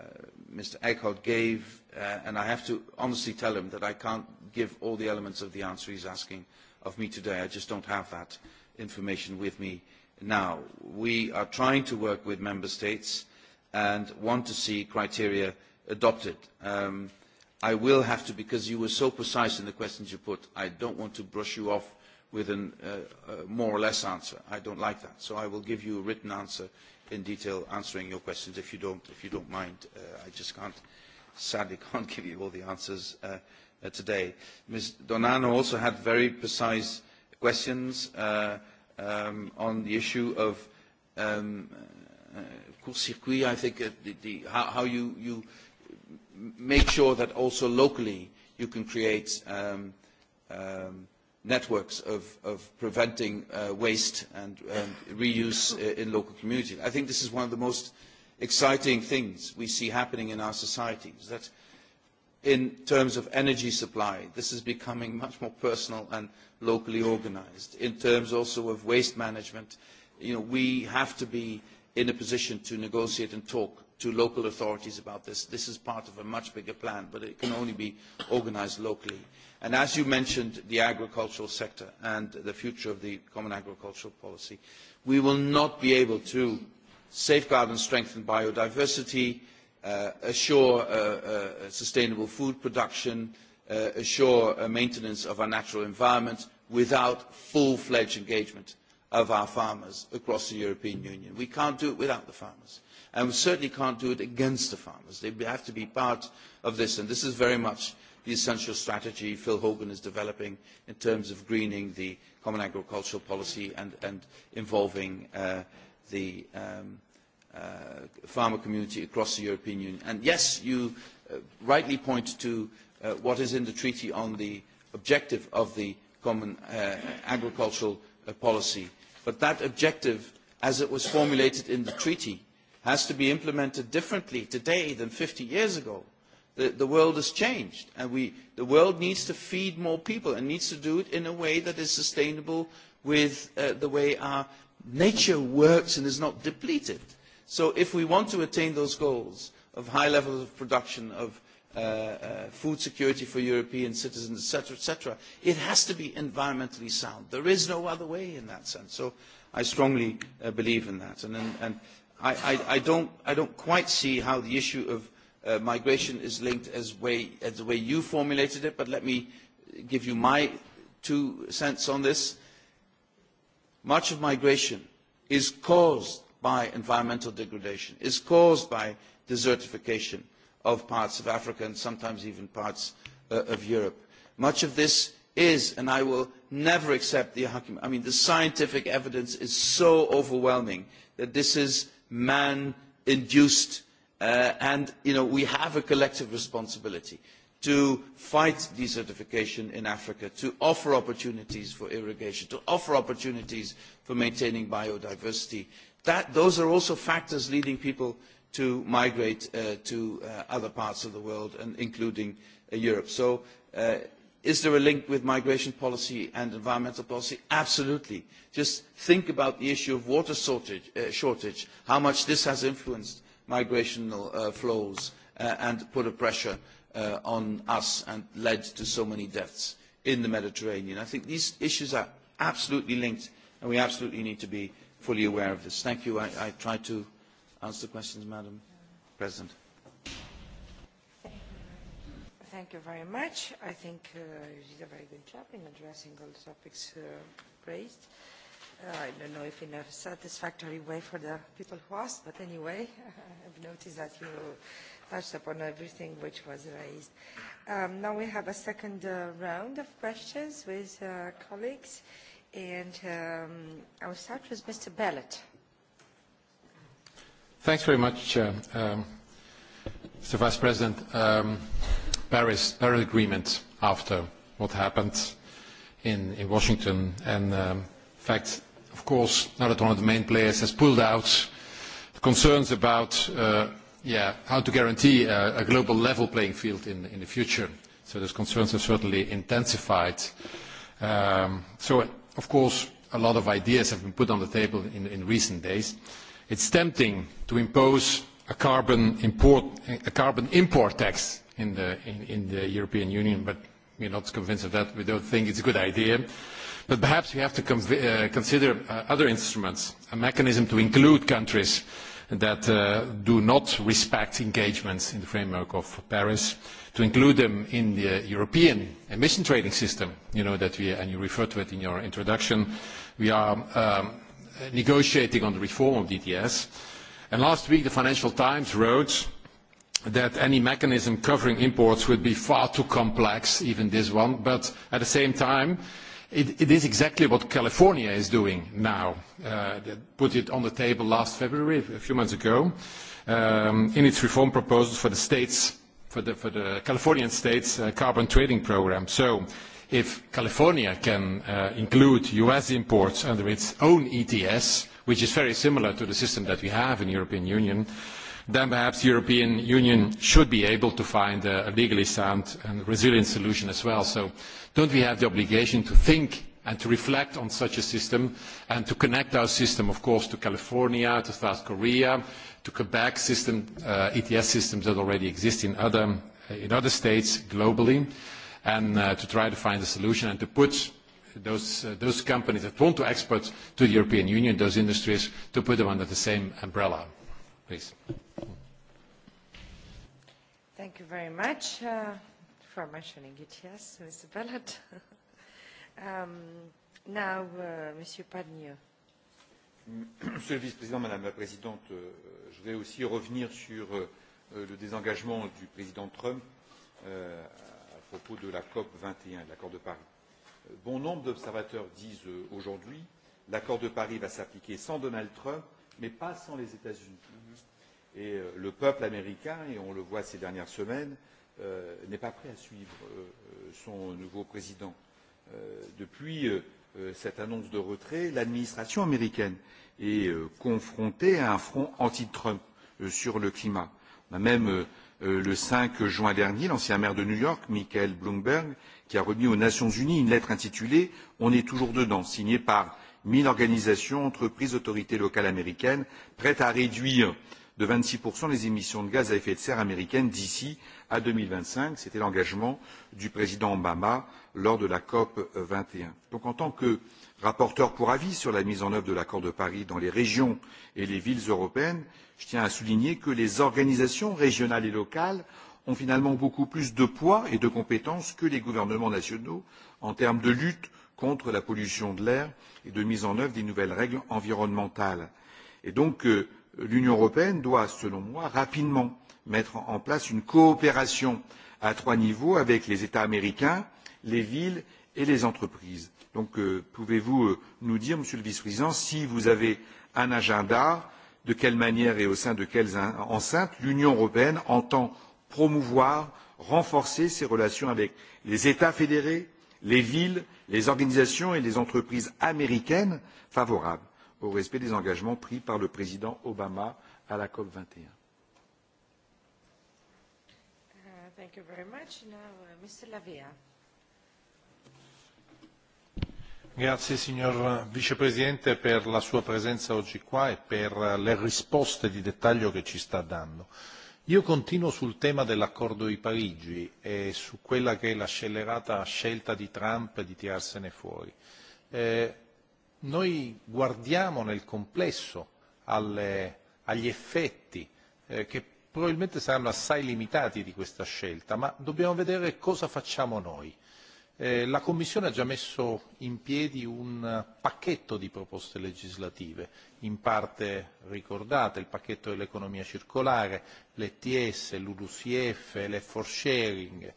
uh, Mr. Eichhout gave, uh, and I have to honestly tell him that I can't give all the elements of the answer he's asking of me today. I just don't have that information with me now. We are trying to work with member states and want to see criteria adopted. Um, I will have to, because you were so precise in the questions you put, I don't want to brush you off with a uh, uh, more or less answer. I don't like that. So I will give you a written answer in detail answering your questions. If you don't, if you don't mind, uh, I just can't, sadly can't give you all the answers uh, uh, today. Ms. Donano also had very precise questions uh, um, on the issue of um, uh, court-circuit, I think, uh, the, the, how, how you, you make sure that also locally you can create um, um, networks of, of preventing uh, waste and um, reuse in local communities. I think this is one of the most exciting things we see happening in our societies, that in terms of energy supply, this is becoming much more personal and locally organized. In terms also of waste management, you know, we have to be in a position to negotiate and talk to local authorities about this. This is part of a much bigger plan, but it can only be organized locally. And as you mentioned, the agricultural sector and the future of the common agricultural policy, we will not be able to safeguard and strengthen biodiversity, uh, assure uh, uh, sustainable food production, uh, assure uh, maintenance of our natural environment without full-fledged engagement of our farmers across the European Union. We can't do it without the farmers. And we certainly can't do it against the farmers. They have to be part of this, and this is very much the essential strategy Phil Hogan is developing in terms of greening the common agricultural policy and, and involving uh, the um, uh, farmer community across the European Union. And yes, you uh, rightly point to uh, what is in the treaty on the objective of the common uh, agricultural uh, policy. But that objective, as it was formulated in the treaty, has to be implemented differently today than 50 years ago. The, the world has changed, and we, the world needs to feed more people and needs to do it in a way that is sustainable with uh, the way our nature works and is not depleted. So if we want to attain those goals of high levels of production, of uh, uh, food security for European citizens, etc., etc., it has to be environmentally sound. There is no other way in that sense. So I strongly uh, believe in that. And, and, and I, I, I, don't, I don't quite see how the issue of uh, migration is linked as, way, as the way you formulated it, but let me give you my two cents on this. Much of migration is caused by environmental degradation, is caused by desertification of parts of Africa and sometimes even parts uh, of Europe. Much of this is, and I will never accept the argument, I mean, the scientific evidence is so overwhelming that this is man-induced Uh, and you know, we have a collective responsibility to fight desertification in Africa, to offer opportunities for irrigation, to offer opportunities for maintaining biodiversity. That, those are also factors leading people to migrate uh, to uh, other parts of the world, and including uh, Europe. So uh, is there a link with migration policy and environmental policy? Absolutely. Just think about the issue of water shortage, uh, shortage how much this has influenced migrational uh, flows uh, and put a pressure uh, on us and led to so many deaths in the Mediterranean. I think these issues are absolutely linked and we absolutely need to be fully aware of this. Thank you. I, I tried to answer the questions, Madam President. Thank you very much. I think uh, you did a very good job in addressing all the topics uh, raised. Uh, I don't know if in a satisfactory way for the people who asked, but anyway, I've noticed that you touched upon everything which was raised. Um, now we have a second uh, round of questions with uh, colleagues, and um, I will start with Mr. Bellet. Thanks very much, uh, um, Mr. Vice President. Um, Paris, Paris Agreement after what happened in, in Washington and um, fact, of course, now that one of the main players has pulled out, the concerns about uh, yeah, how to guarantee a, a global level playing field in, in the future. So those concerns have certainly intensified. Um, so, of course, a lot of ideas have been put on the table in, in recent days. It's tempting to impose a carbon import, a carbon import tax in the, in, in the European Union, but we're not convinced of that. We don't think it's a good idea. But perhaps we have to uh, consider uh, other instruments, a mechanism to include countries that uh, do not respect engagements in the framework of Paris, to include them in the European emission trading system, you know, that we, and you referred to it in your introduction. We are um, negotiating on the reform of DTS. And last week, the Financial Times wrote that any mechanism covering imports would be far too complex, even this one, but at the same time, It, it is exactly what California is doing now. Uh, they put it on the table last February, a few months ago, um, in its reform proposals for the states, for the, for the Californian states' uh, carbon trading program. So if California can uh, include U.S. imports under its own ETS, which is very similar to the system that we have in the European Union, uh, then perhaps the European Union should be able to find a legally sound and resilient solution as well. So don't we have the obligation to think and to reflect on such a system and to connect our system, of course, to California, to South Korea, to Quebec system, uh, ETS systems that already exist in other, in other states globally, and uh, to try to find a solution and to put those, uh, those companies that want to export to the European Union, those industries, to put them under the same umbrella please. Thank you very much uh, for mentioning it, yes, Mr. Bellet. um, now, uh, Monsieur Pagneux. Monsieur le Vice-président, Madame la Présidente, euh, je voudrais aussi revenir sur euh, euh, le désengagement du président Trump euh, à propos de la COP 21, de l'accord de Paris. Euh, bon nombre d'observateurs disent euh, aujourd'hui l'accord de Paris va s'appliquer sans Donald Trump, mais pas sans les États-Unis. Et euh, le peuple américain, et on le voit ces dernières semaines, euh, n'est pas prêt à suivre euh, son nouveau président. depuis cette annonce de retrait, l'administration américaine est confrontée à un front anti-Trump sur le climat. On a même le 5 juin dernier l'ancien maire de New York, Michael Bloomberg, qui a remis aux Nations Unies une lettre intitulée On est toujours dedans, signée par mille organisations, entreprises, autorités locales américaines, prêtes à réduire de vingt six les émissions de gaz à effet de serre américaines d'ici à deux mille vingt cinq c'était l'engagement du président obama lors de la cop vingt et un donc en tant que rapporteur pour avis sur la mise en œuvre de l'accord de paris dans les régions et les villes européennes je tiens à souligner que les organisations régionales et locales ont finalement beaucoup plus de poids et de compétences que les gouvernements nationaux en termes de lutte contre la pollution de l'air et de mise en œuvre des nouvelles règles environnementales. Et donc, euh, l'Union européenne doit, selon moi, rapidement mettre en place une coopération à trois niveaux avec les États américains, les villes et les entreprises. Donc, euh, pouvez-vous euh, nous dire, Monsieur le Vice-président, si vous avez un agenda, de quelle manière et au sein de quelles enceintes l'Union européenne entend promouvoir, renforcer ses relations avec les États fédérés, les villes, les organisations et les entreprises américaines favorables au respect des engagements pris par le président Obama à la COP 21. Uh, thank you very much. Now, uh, Mr. Lavia. Grazie signor uh, Vicepresidente per la sua presenza oggi qua e per uh, le risposte di dettaglio che ci sta dando. Io continuo sul tema dell'accordo di Parigi e su quella che è la scellerata scelta di Trump di tirarsene fuori. Eh, Noi guardiamo nel complesso alle, agli effetti eh, che probabilmente saranno assai limitati di questa scelta, ma dobbiamo vedere cosa facciamo noi. Eh, la Commissione ha già messo in piedi un pacchetto di proposte legislative, in parte ricordate, il pacchetto dell'economia circolare, l'ETS, l'UDCF, l'effort sharing,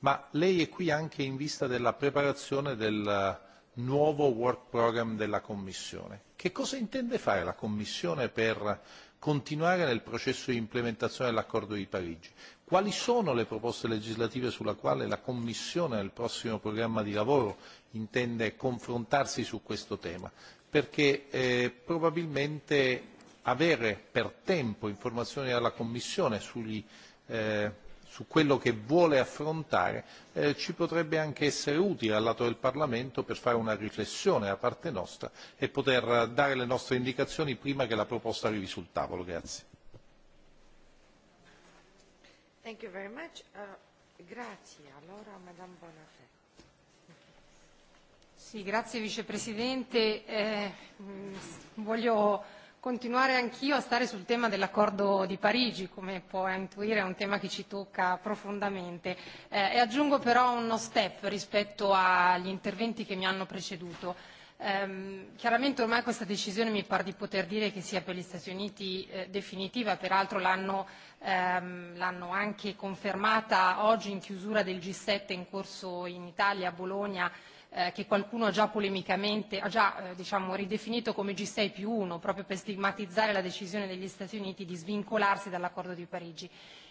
ma lei è qui anche in vista della preparazione del nuovo work program della Commissione. Che cosa intende fare la Commissione per continuare nel processo di implementazione dell'accordo di Parigi? Quali sono le proposte legislative sulla quale la Commissione nel prossimo programma di lavoro intende confrontarsi su questo tema? Perché eh, probabilmente avere per tempo informazioni alla Commissione sugli eh, su quello che vuole affrontare eh, ci potrebbe anche essere utile al lato del Parlamento per fare una riflessione da parte nostra e poter eh, dare le nostre indicazioni prima che la proposta arrivi sul tavolo. Grazie. Thank you very much. Uh, grazie. Allora, Madame Bonafè. Sì, grazie Vicepresidente. Eh, mh, mm, voglio continuare anch'io a stare sul tema dell'accordo di Parigi, come può intuire è un tema che ci tocca profondamente eh, e aggiungo però uno step rispetto agli interventi che mi hanno preceduto. Um, chiaramente ormai questa decisione mi pare di poter dire che sia per gli Stati Uniti eh, definitiva, peraltro l'hanno ehm, anche confermata oggi in chiusura del G7 in corso in Italia, a Bologna, eh, che qualcuno ha già polemicamente, ha già eh, diciamo, ridefinito come G6 più 1, proprio per stigmatizzare la decisione degli Stati Uniti di svincolarsi dall'accordo di Parigi.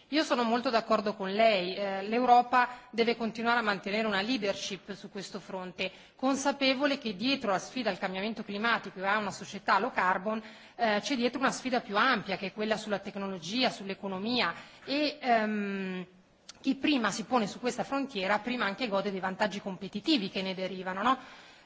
Io sono molto d'accordo con lei, eh, l'Europa deve continuare a mantenere una leadership su questo fronte, consapevole che dietro la sfida al cambiamento climatico e a una società low carbon eh, c'è dietro una sfida più ampia che è quella sulla tecnologia, sull'economia e ehm, chi prima si pone su questa frontiera prima anche gode dei vantaggi competitivi che ne derivano. No?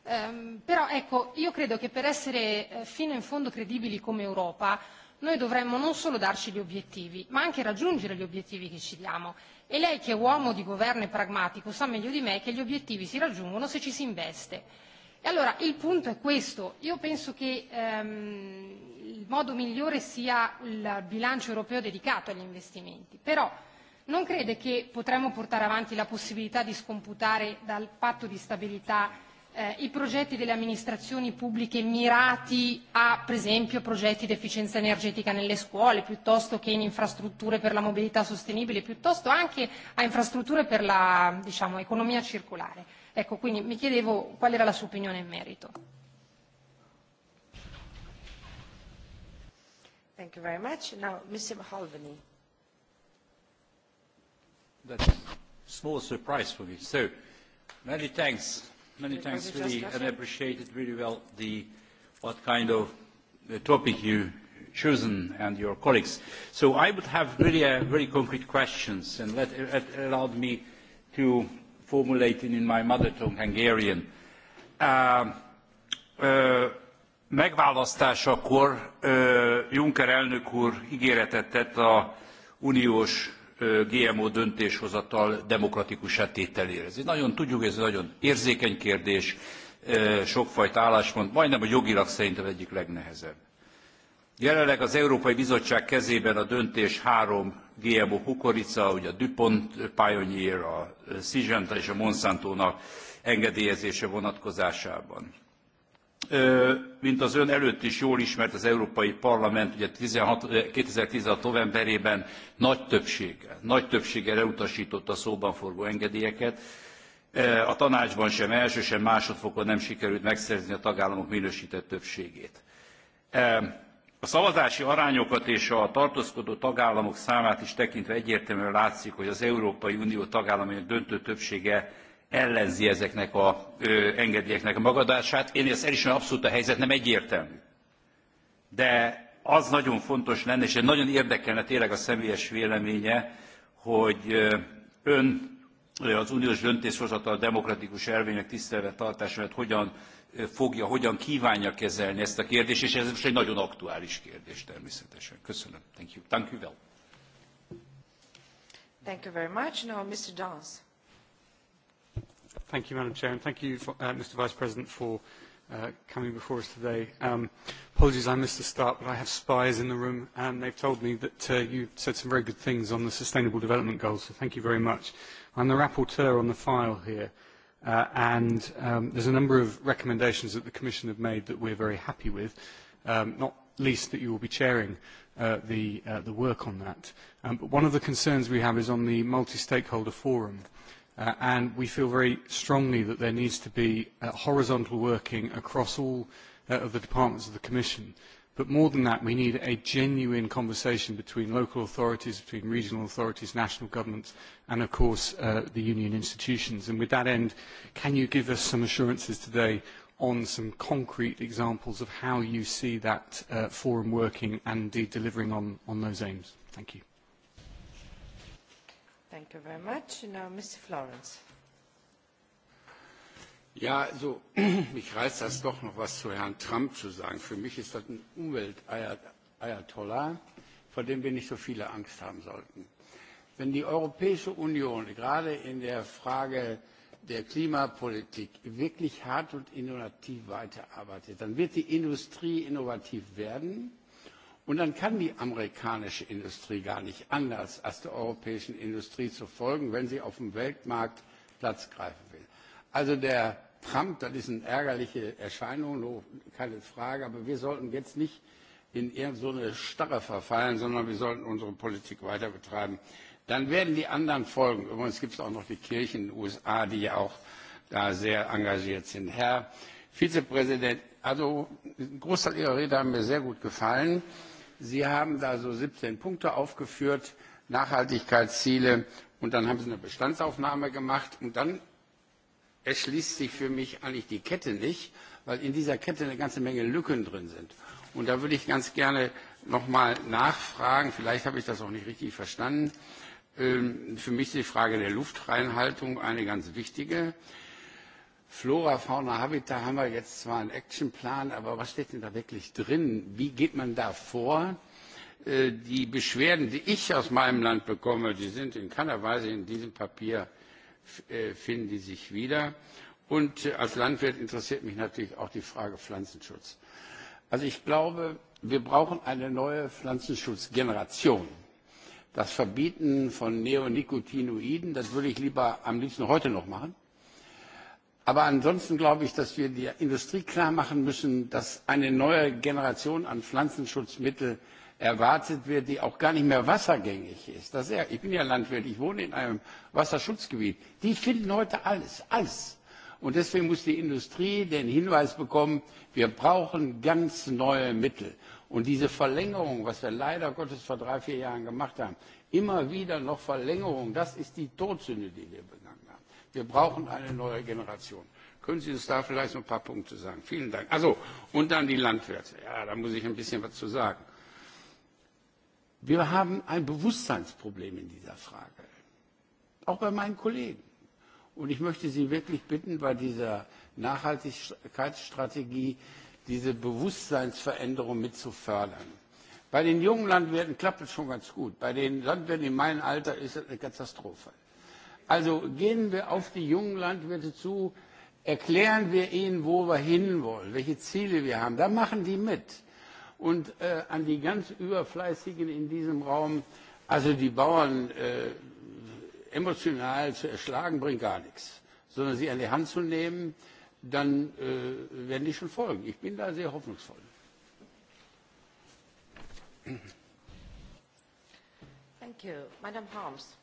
Um, però ecco, io credo che per essere eh, fino in fondo credibili come Europa noi dovremmo non solo darci gli obiettivi, ma anche raggiungere gli obiettivi che ci diamo. E lei che è uomo di governo e pragmatico sa meglio di me che gli obiettivi si raggiungono se ci si investe. E allora il punto è questo, io penso che ehm, il modo migliore sia il bilancio europeo dedicato agli investimenti, però non crede che potremmo portare avanti la possibilità di scomputare dal patto di stabilità eh, i progetti delle amministrazioni pubbliche mirati a, per esempio, progetti di efficienza energetica nelle scuole, piuttosto che in infrastrutture per la mobilità sostenibile, piuttosto anche a infrastrutture per la diciamo, economia circolare. Ecco, quindi mi chiedevo qual era la sua opinione in merito. Thank you very much. Now, Mr. Mahalvani. That's a small surprise for me. So, many thanks. Many thanks, really, and I appreciated really well the, what kind of the topic you chosen and your colleagues. So I would have really a uh, very concrete questions, and let, let allowed me to formulate it in my mother tongue, Hungarian. Uh, uh, megválasztásakor uh, Juncker elnök úr ígéretet tett a uniós GMO döntéshozatal demokratikus tételére. Ez nagyon tudjuk, ez nagyon érzékeny kérdés, sokfajta álláspont, majdnem a jogilag szerintem egyik legnehezebb. Jelenleg az Európai Bizottság kezében a döntés három GMO kukorica, ugye a DuPont Pioneer, a Syngenta és a Monsanto-nak engedélyezése vonatkozásában mint az ön előtt is jól ismert az Európai Parlament, ugye 16, 2016 novemberében nagy többséggel, nagy többséggel elutasította a szóban forgó engedélyeket, a tanácsban sem első, sem másodfokon nem sikerült megszerzni a tagállamok minősített többségét. A szavazási arányokat és a tartózkodó tagállamok számát is tekintve egyértelműen látszik, hogy az Európai Unió tagállamainak döntő többsége ellenzi ezeknek a ö, engedélyeknek a magadását. Én ezt elismerem, abszolút a helyzet nem egyértelmű. De az nagyon fontos lenne, és nagyon érdekelne tényleg a személyes véleménye, hogy ön az uniós döntéshozatal demokratikus elvények tisztelve tartását hogyan fogja, hogyan kívánja kezelni ezt a kérdést, és ez most egy nagyon aktuális kérdés természetesen. Köszönöm. Thank you. Thank you well. Thank you very much. Now, Mr. Dance. Thank you, Madam Chair, and thank you, for, uh, Mr. Vice President, for uh, coming before us today. Um, apologies, I missed the start, but I have spies in the room, and they've told me that uh, you said some very good things on the Sustainable Development Goals, so thank you very much. I'm the rapporteur on the file here, uh, and um, there's a number of recommendations that the Commission have made that we're very happy with, um, not least that you will be chairing uh, the, uh, the work on that. Um, but one of the concerns we have is on the multi-stakeholder forum. Uh, and we feel very strongly that there needs to be uh, horizontal working across all uh, of the departments of the Commission. But more than that, we need a genuine conversation between local authorities, between regional authorities, national governments, and of course uh, the union institutions. And with that end, can you give us some assurances today on some concrete examples of how you see that uh, forum working and indeed delivering on, on those aims? Thank you. Thank you very much. Now, Mr. Florence. Ja, so, mich reizt das doch noch was zu Herrn Trump zu sagen. Für mich ist das ein Umwelt-Ayatollah, vor dem wir nicht so viele Angst haben sollten. Wenn die Europäische Union gerade in der Frage der Klimapolitik wirklich hart und innovativ weiterarbeitet, dann wird die Industrie innovativ werden Und dann kann die amerikanische Industrie gar nicht anders, als der europäischen Industrie zu folgen, wenn sie auf dem Weltmarkt Platz greifen will. Also der Trump, das ist eine ärgerliche Erscheinung, keine Frage, aber wir sollten jetzt nicht in irgendeine Starre verfallen, sondern wir sollten unsere Politik weiter betreiben. Dann werden die anderen folgen. Übrigens gibt es auch noch die Kirchen in den USA, die ja auch da sehr engagiert sind. Herr Vizepräsident, also ein Großteil Ihrer Rede haben mir sehr gut gefallen. Sie haben da so 17 Punkte aufgeführt, Nachhaltigkeitsziele und dann haben Sie eine Bestandsaufnahme gemacht und dann erschließt sich für mich eigentlich die Kette nicht, weil in dieser Kette eine ganze Menge Lücken drin sind. Und da würde ich ganz gerne nochmal nachfragen, vielleicht habe ich das auch nicht richtig verstanden. Ähm, für mich ist die Frage der Luftreinhaltung eine ganz wichtige. Flora, Fauna, Habitat haben wir jetzt zwar einen Actionplan, aber was steht denn da wirklich drin? Wie geht man da vor? Äh, die Beschwerden, die ich aus meinem Land bekomme, die sind in keiner Weise in diesem Papier, äh, finden die sich wieder. Und äh, als Landwirt interessiert mich natürlich auch die Frage Pflanzenschutz. Also ich glaube, wir brauchen eine neue Pflanzenschutzgeneration. Das Verbieten von Neonicotinoiden, das würde ich lieber am liebsten heute noch machen Aber ansonsten glaube ich, dass wir der Industrie klar machen müssen, dass eine neue Generation an Pflanzenschutzmitteln erwartet wird, die auch gar nicht mehr wassergängig ist. Das ist ja, ich bin ja Landwirt, ich wohne in einem Wasserschutzgebiet. Die finden heute alles, alles. Und deswegen muss die Industrie den Hinweis bekommen, wir brauchen ganz neue Mittel. Und diese Verlängerung, was wir leider Gottes vor drei, vier Jahren gemacht haben, immer wieder noch Verlängerung, das ist die Todsünde, die wir Wir brauchen eine neue Generation. Können Sie uns da vielleicht noch ein paar Punkte sagen? Vielen Dank. Also, und dann die Landwirte. Ja, da muss ich ein bisschen was zu sagen. Wir haben ein Bewusstseinsproblem in dieser Frage. Auch bei meinen Kollegen. Und ich möchte Sie wirklich bitten, bei dieser Nachhaltigkeitsstrategie diese Bewusstseinsveränderung mit zu fördern. Bei den jungen Landwirten klappt es schon ganz gut. Bei den Landwirten in meinem Alter ist es eine Katastrophe. Also gehen wir auf die jungen Landwirte zu, erklären wir ihnen, wo wir hinwollen, welche Ziele wir haben. Da machen die mit. Und äh, an die ganz Überfleißigen in diesem Raum, also die Bauern äh, emotional zu erschlagen, bringt gar nichts. Sondern sie an die Hand zu nehmen, dann äh, werden die schon folgen. Ich bin da sehr hoffnungsvoll. Thank you. Madam Harms.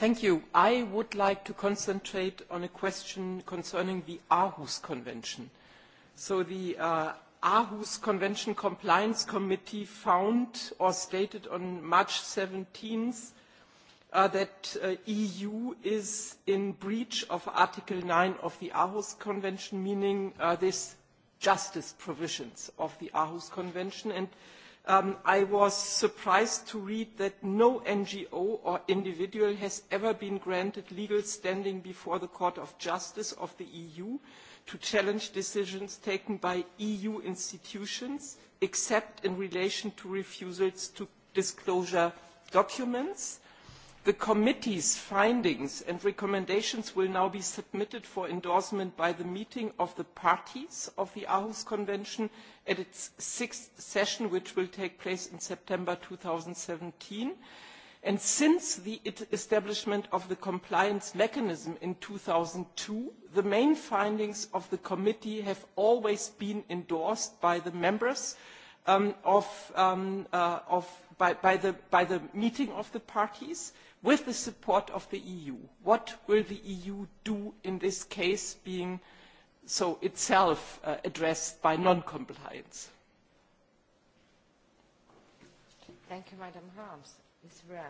Thank you. I would like to concentrate on a question concerning the Aarhus Convention. So the uh, Aarhus Convention Compliance Committee found or stated on March 17th uh, that uh, EU is in breach of Article 9 of the Aarhus Convention, meaning uh, this justice provisions of the Aarhus Convention. And um, I was surprised to read that no NGO or individual has ever been granted legal standing before the Court of Justice of the EU to challenge decisions taken by EU institutions, except in relation to refusals to disclosure documents. The committee's findings and recommendations will now be submitted for endorsement by the meeting of the parties of the Aarhus Convention at its sixth session, which will take place in September seventeen. And since the establishment of the compliance mechanism in two thousand two, the main findings of the committee have always been endorsed by the members um, of, um, uh, of, by, by, the, by the meeting of the parties – with the support of the EU. What will the EU do in this case being so itself uh, addressed by non-compliance? Thank you, Madam Harms. Ms. Brown.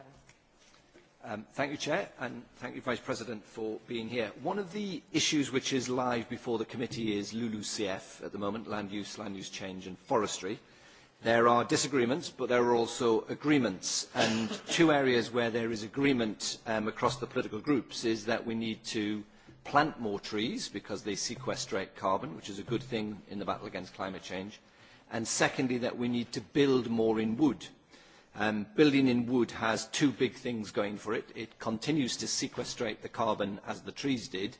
Um, thank you, Chair, and thank you, Vice President, for being here. One of the issues which is live before the committee is LULUCF at the moment, land use, land use change and forestry. There are disagreements, but there are also agreements. And two areas where there is agreement um, across the political groups is that we need to plant more trees because they sequestrate carbon, which is a good thing in the battle against climate change. And secondly, that we need to build more in wood. Um, building in wood has two big things going for it. It continues to sequestrate the carbon as the trees did,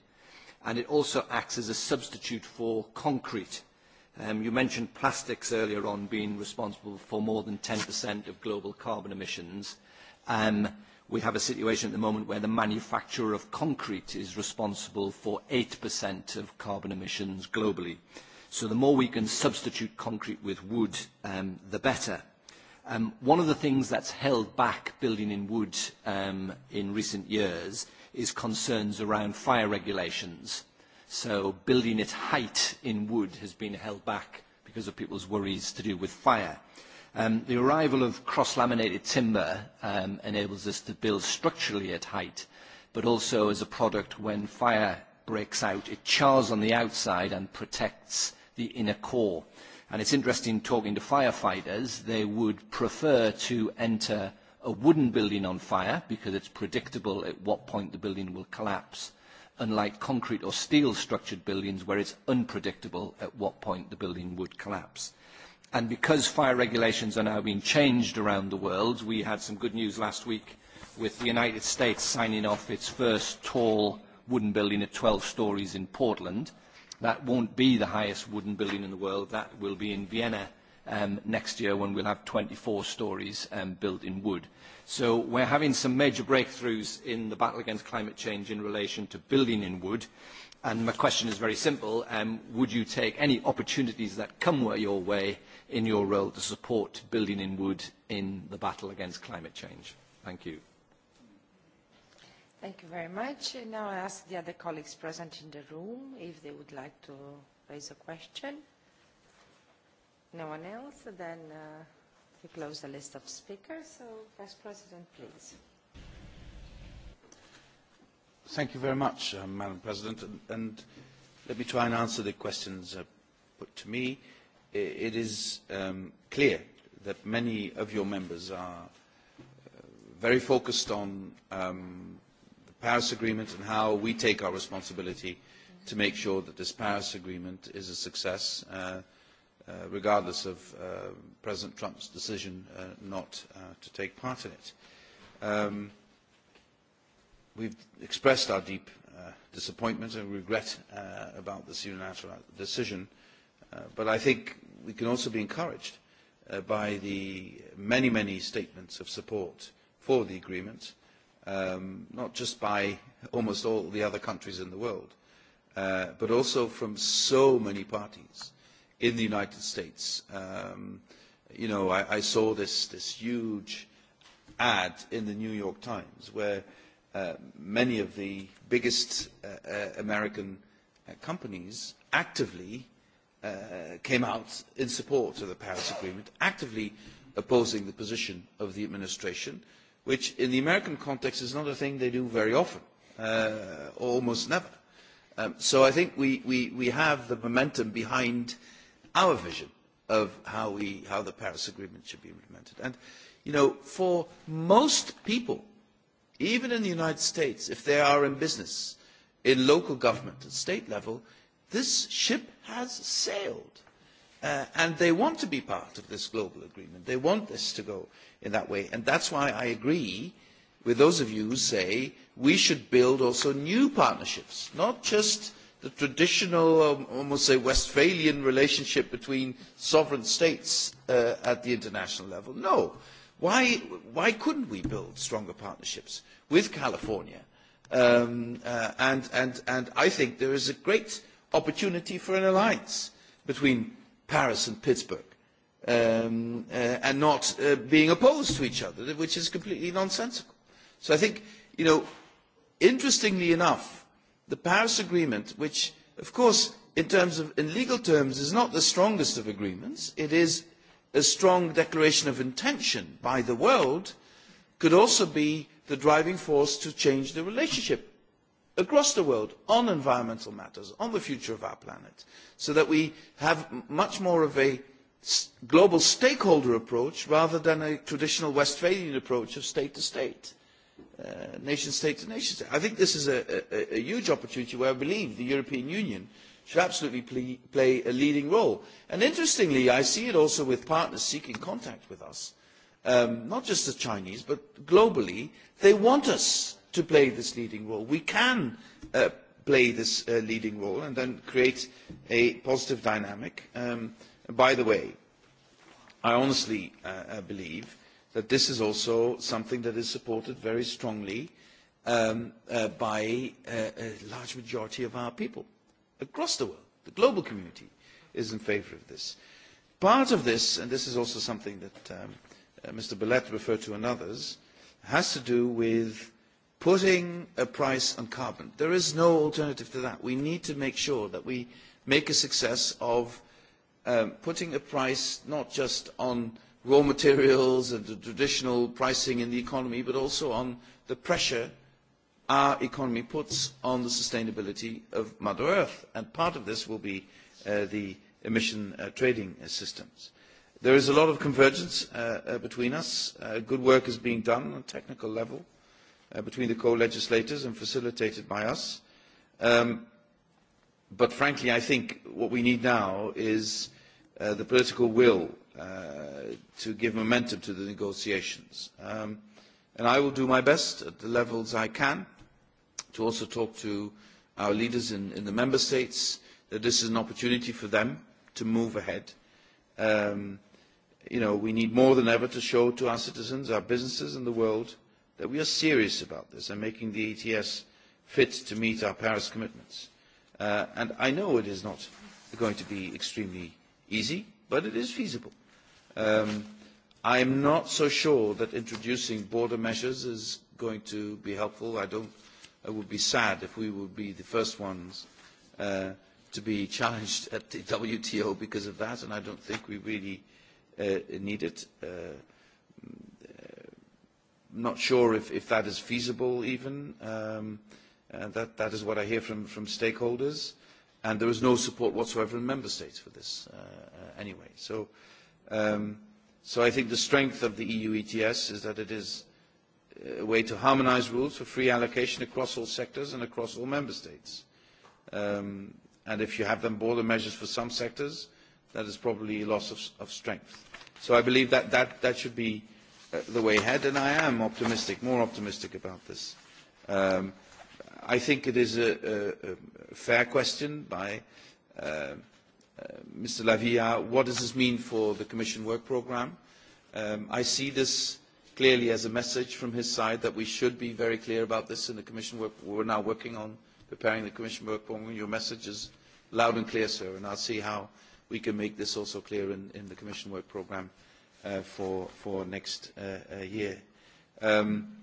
and it also acts as a substitute for concrete Um, you mentioned plastics earlier on being responsible for more than 10% of global carbon emissions. Um, we have a situation at the moment where the manufacture of concrete is responsible for 8% of carbon emissions globally. So the more we can substitute concrete with wood, um, the better. Um, one of the things that's held back building in wood um, in recent years is concerns around fire regulations So building its height in wood has been held back because of people's worries to do with fire. Um, the arrival of cross-laminated timber um, enables us to build structurally at height, but also as a product when fire breaks out, it chars on the outside and protects the inner core. And it's interesting talking to firefighters, they would prefer to enter a wooden building on fire because it's predictable at what point the building will collapse unlike concrete or steel structured buildings where it's unpredictable at what point the building would collapse. And because fire regulations are now being changed around the world, we had some good news last week with the United States signing off its first tall wooden building at 12 stories in Portland. That won't be the highest wooden building in the world. That will be in Vienna um, next year when we'll have 24 stories um, built in wood. So we're having some major breakthroughs in the battle against climate change in relation to building in wood. And my question is very simple. Um, would you take any opportunities that come your way in your role to support building in wood in the battle against climate change? Thank you. Thank you very much. Now I ask the other colleagues present in the room if they would like to raise a question. No one else? Then uh, we close the list of speakers. So, Vice President, please. Thank you very much, uh, Madam President. And, and let me try and answer the questions uh, put to me. It, it is um, clear that many of your members are uh, very focused on um, the Paris Agreement and how we take our responsibility mm-hmm. to make sure that this Paris Agreement is a success. Uh, uh, regardless of uh, President Trump's decision uh, not uh, to take part in it. Um, we've expressed our deep uh, disappointment and regret uh, about this unilateral decision, uh, but I think we can also be encouraged uh, by the many, many statements of support for the agreement, um, not just by almost all the other countries in the world, uh, but also from so many parties in the United States. Um, you know, I, I saw this, this huge ad in the New York Times where uh, many of the biggest uh, uh, American uh, companies actively uh, came out in support of the Paris Agreement, actively opposing the position of the administration, which in the American context is not a thing they do very often, uh, almost never. Um, so I think we, we, we have the momentum behind uh, our vision of how, we, how the Paris Agreement should be implemented. And, you know, for most people, even in the United States, if they are in business, in local government at state level, this ship has sailed. Uh, and they want to be part of this global agreement. They want this to go in that way. And that's why I agree with those of you who say we should build also new partnerships, not just the traditional, um, almost say, Westphalian relationship between sovereign states uh, at the international level. No. Why, why couldn't we build stronger partnerships with California? Um, uh, and, and, and I think there is a great opportunity for an alliance between Paris and Pittsburgh um, uh, and not uh, being opposed to each other, which is completely nonsensical. So I think, you know, interestingly enough, the Paris Agreement, which, of course, in, terms of, in legal terms, is not the strongest of agreements. It is a strong declaration of intention by the world, could also be the driving force to change the relationship across the world on environmental matters, on the future of our planet, so that we have much more of a global stakeholder approach rather than a traditional Westphalian approach of state to state uh, nation state to nation state. I think this is a, a, a huge opportunity where I believe the European Union should absolutely play, play a leading role. And interestingly, I see it also with partners seeking contact with us, um, not just the Chinese, but globally, they want us to play this leading role. We can uh, play this uh, leading role and then create a positive dynamic. Um, by the way, I honestly uh, uh believe that this is also something that is supported very strongly um, uh, by a, uh, a large majority of our people across the world. The global community is in favor of this. Part of this, and this is also something that um, uh, Mr. Bellet referred to and others, has to do with putting a price on carbon. There is no alternative to that. We need to make sure that we make a success of um, putting a price not just on raw materials and the traditional pricing in the economy, but also on the pressure our economy puts on the sustainability of Mother Earth. And part of this will be uh, the emission uh, trading uh, systems. There is a lot of convergence uh, uh, between us. Uh, good work is being done on a technical level uh, between the co-legislators and facilitated by us. Um, but frankly, I think what we need now is uh, the political will Uh, to give momentum to the negotiations. Um, and I will do my best at the levels I can to also talk to our leaders in, in the member states that this is an opportunity for them to move ahead. Um, you know, we need more than ever to show to our citizens, our businesses and the world that we are serious about this and making the ETS fit to meet our Paris commitments. Uh, and I know it is not going to be extremely easy, but it is feasible. Um, I am not so sure that introducing border measures is going to be helpful. I, don't, I would be sad if we would be the first ones uh, to be challenged at the WTO because of that, and I don't think we really uh, need it. Uh, uh, not sure if, if that is feasible even. Um, uh, that, that is what I hear from, from stakeholders. And there is no support whatsoever in member states for this uh, uh, anyway. So Um, so I think the strength of the EU ETS is that it is a way to harmonize rules for free allocation across all sectors and across all member states. Um, and if you have them border measures for some sectors, that is probably a loss of, of strength. So I believe that that, that should be uh, the way ahead, and I am optimistic, more optimistic about this. Um, I think it is a, a, a fair question by uh, Uh, Mr. Lavia, what does this mean for the Commission work programme? Um, I see this clearly as a message from his side that we should be very clear about this in the Commission work. We're now working on preparing the Commission work programme. Your message is loud and clear, sir, and I'll see how we can make this also clear in, in the Commission work programme uh, for, for next uh, uh, year. Um,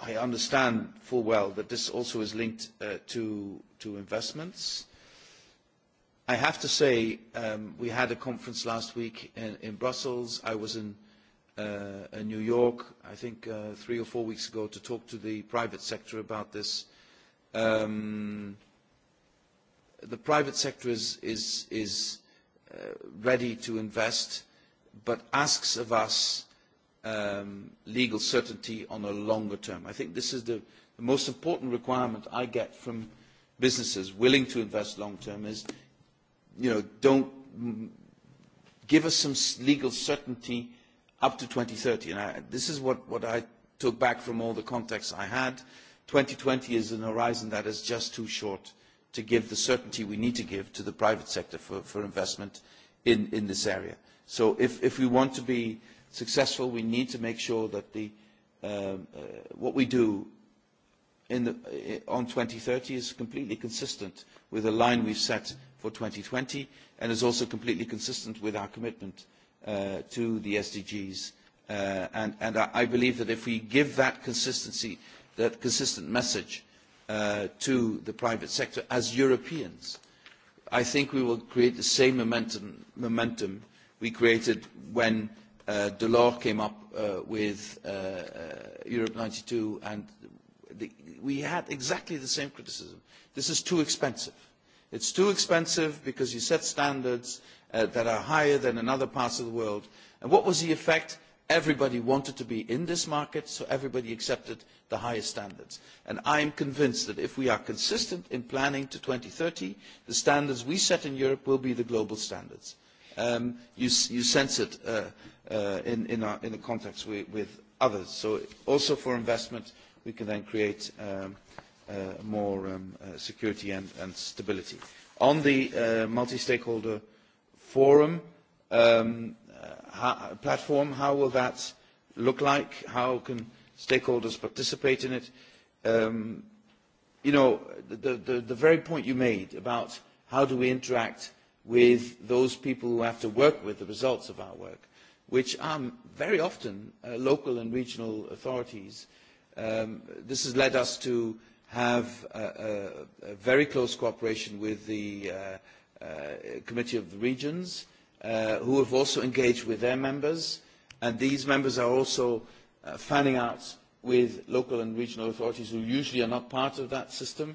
I understand full well that this also is linked uh, to, to investments. Uh, I have to say, um, we had a conference last week in, in Brussels. I was in, uh, in New York, I think uh, three or four weeks ago, to talk to the private sector about this. Um, the private sector is, is, is uh, ready to invest, but asks of us um, legal certainty on a longer term. I think this is the, the most important requirement I get from businesses willing to invest long term is you know, don't give us some legal certainty up to 2030. And I, this is what, what I took back from all the contacts I had. 2020 is an horizon that is just too short to give the certainty we need to give to the private sector for, for investment in, in this area. So if, if we want to be successful, we need to make sure that the, um, uh, what we do in the, uh, on 2030 is completely consistent with the line we've set for 2020 and is also completely consistent with our commitment uh, to the SDGs. Uh, and and I, I believe that if we give that consistency, that consistent message uh, to the private sector as Europeans, I think we will create the same momentum, momentum we created when uh, Delors came up uh, with uh, uh, Europe 92 and the, we had exactly the same criticism. This is too expensive It is too expensive because you set standards uh, that are higher than in other parts of the world. And what was the effect? Everybody wanted to be in this market, so everybody accepted the highest standards. And I am convinced that if we are consistent in planning to thirty, the standards we set in Europe will be the global standards. Um, you, you sense it uh, uh, in, in, our, in the context we, with others. So also for investment, we can then create um, Uh, more um, uh, security and, and, stability. On the uh, multi-stakeholder forum um, platform, how will that look like? How can stakeholders participate in it? Um, you know, the, the, the very point you made about how do we interact with those people who have to work with the results of our work, which are very often uh, local and regional authorities. Um, this has led us to have a very close cooperation with the uh, uh, Committee of the Regions, uh, who have also engaged with their members, and these members are also uh, fanning out with local and regional authorities who usually are not part of that system.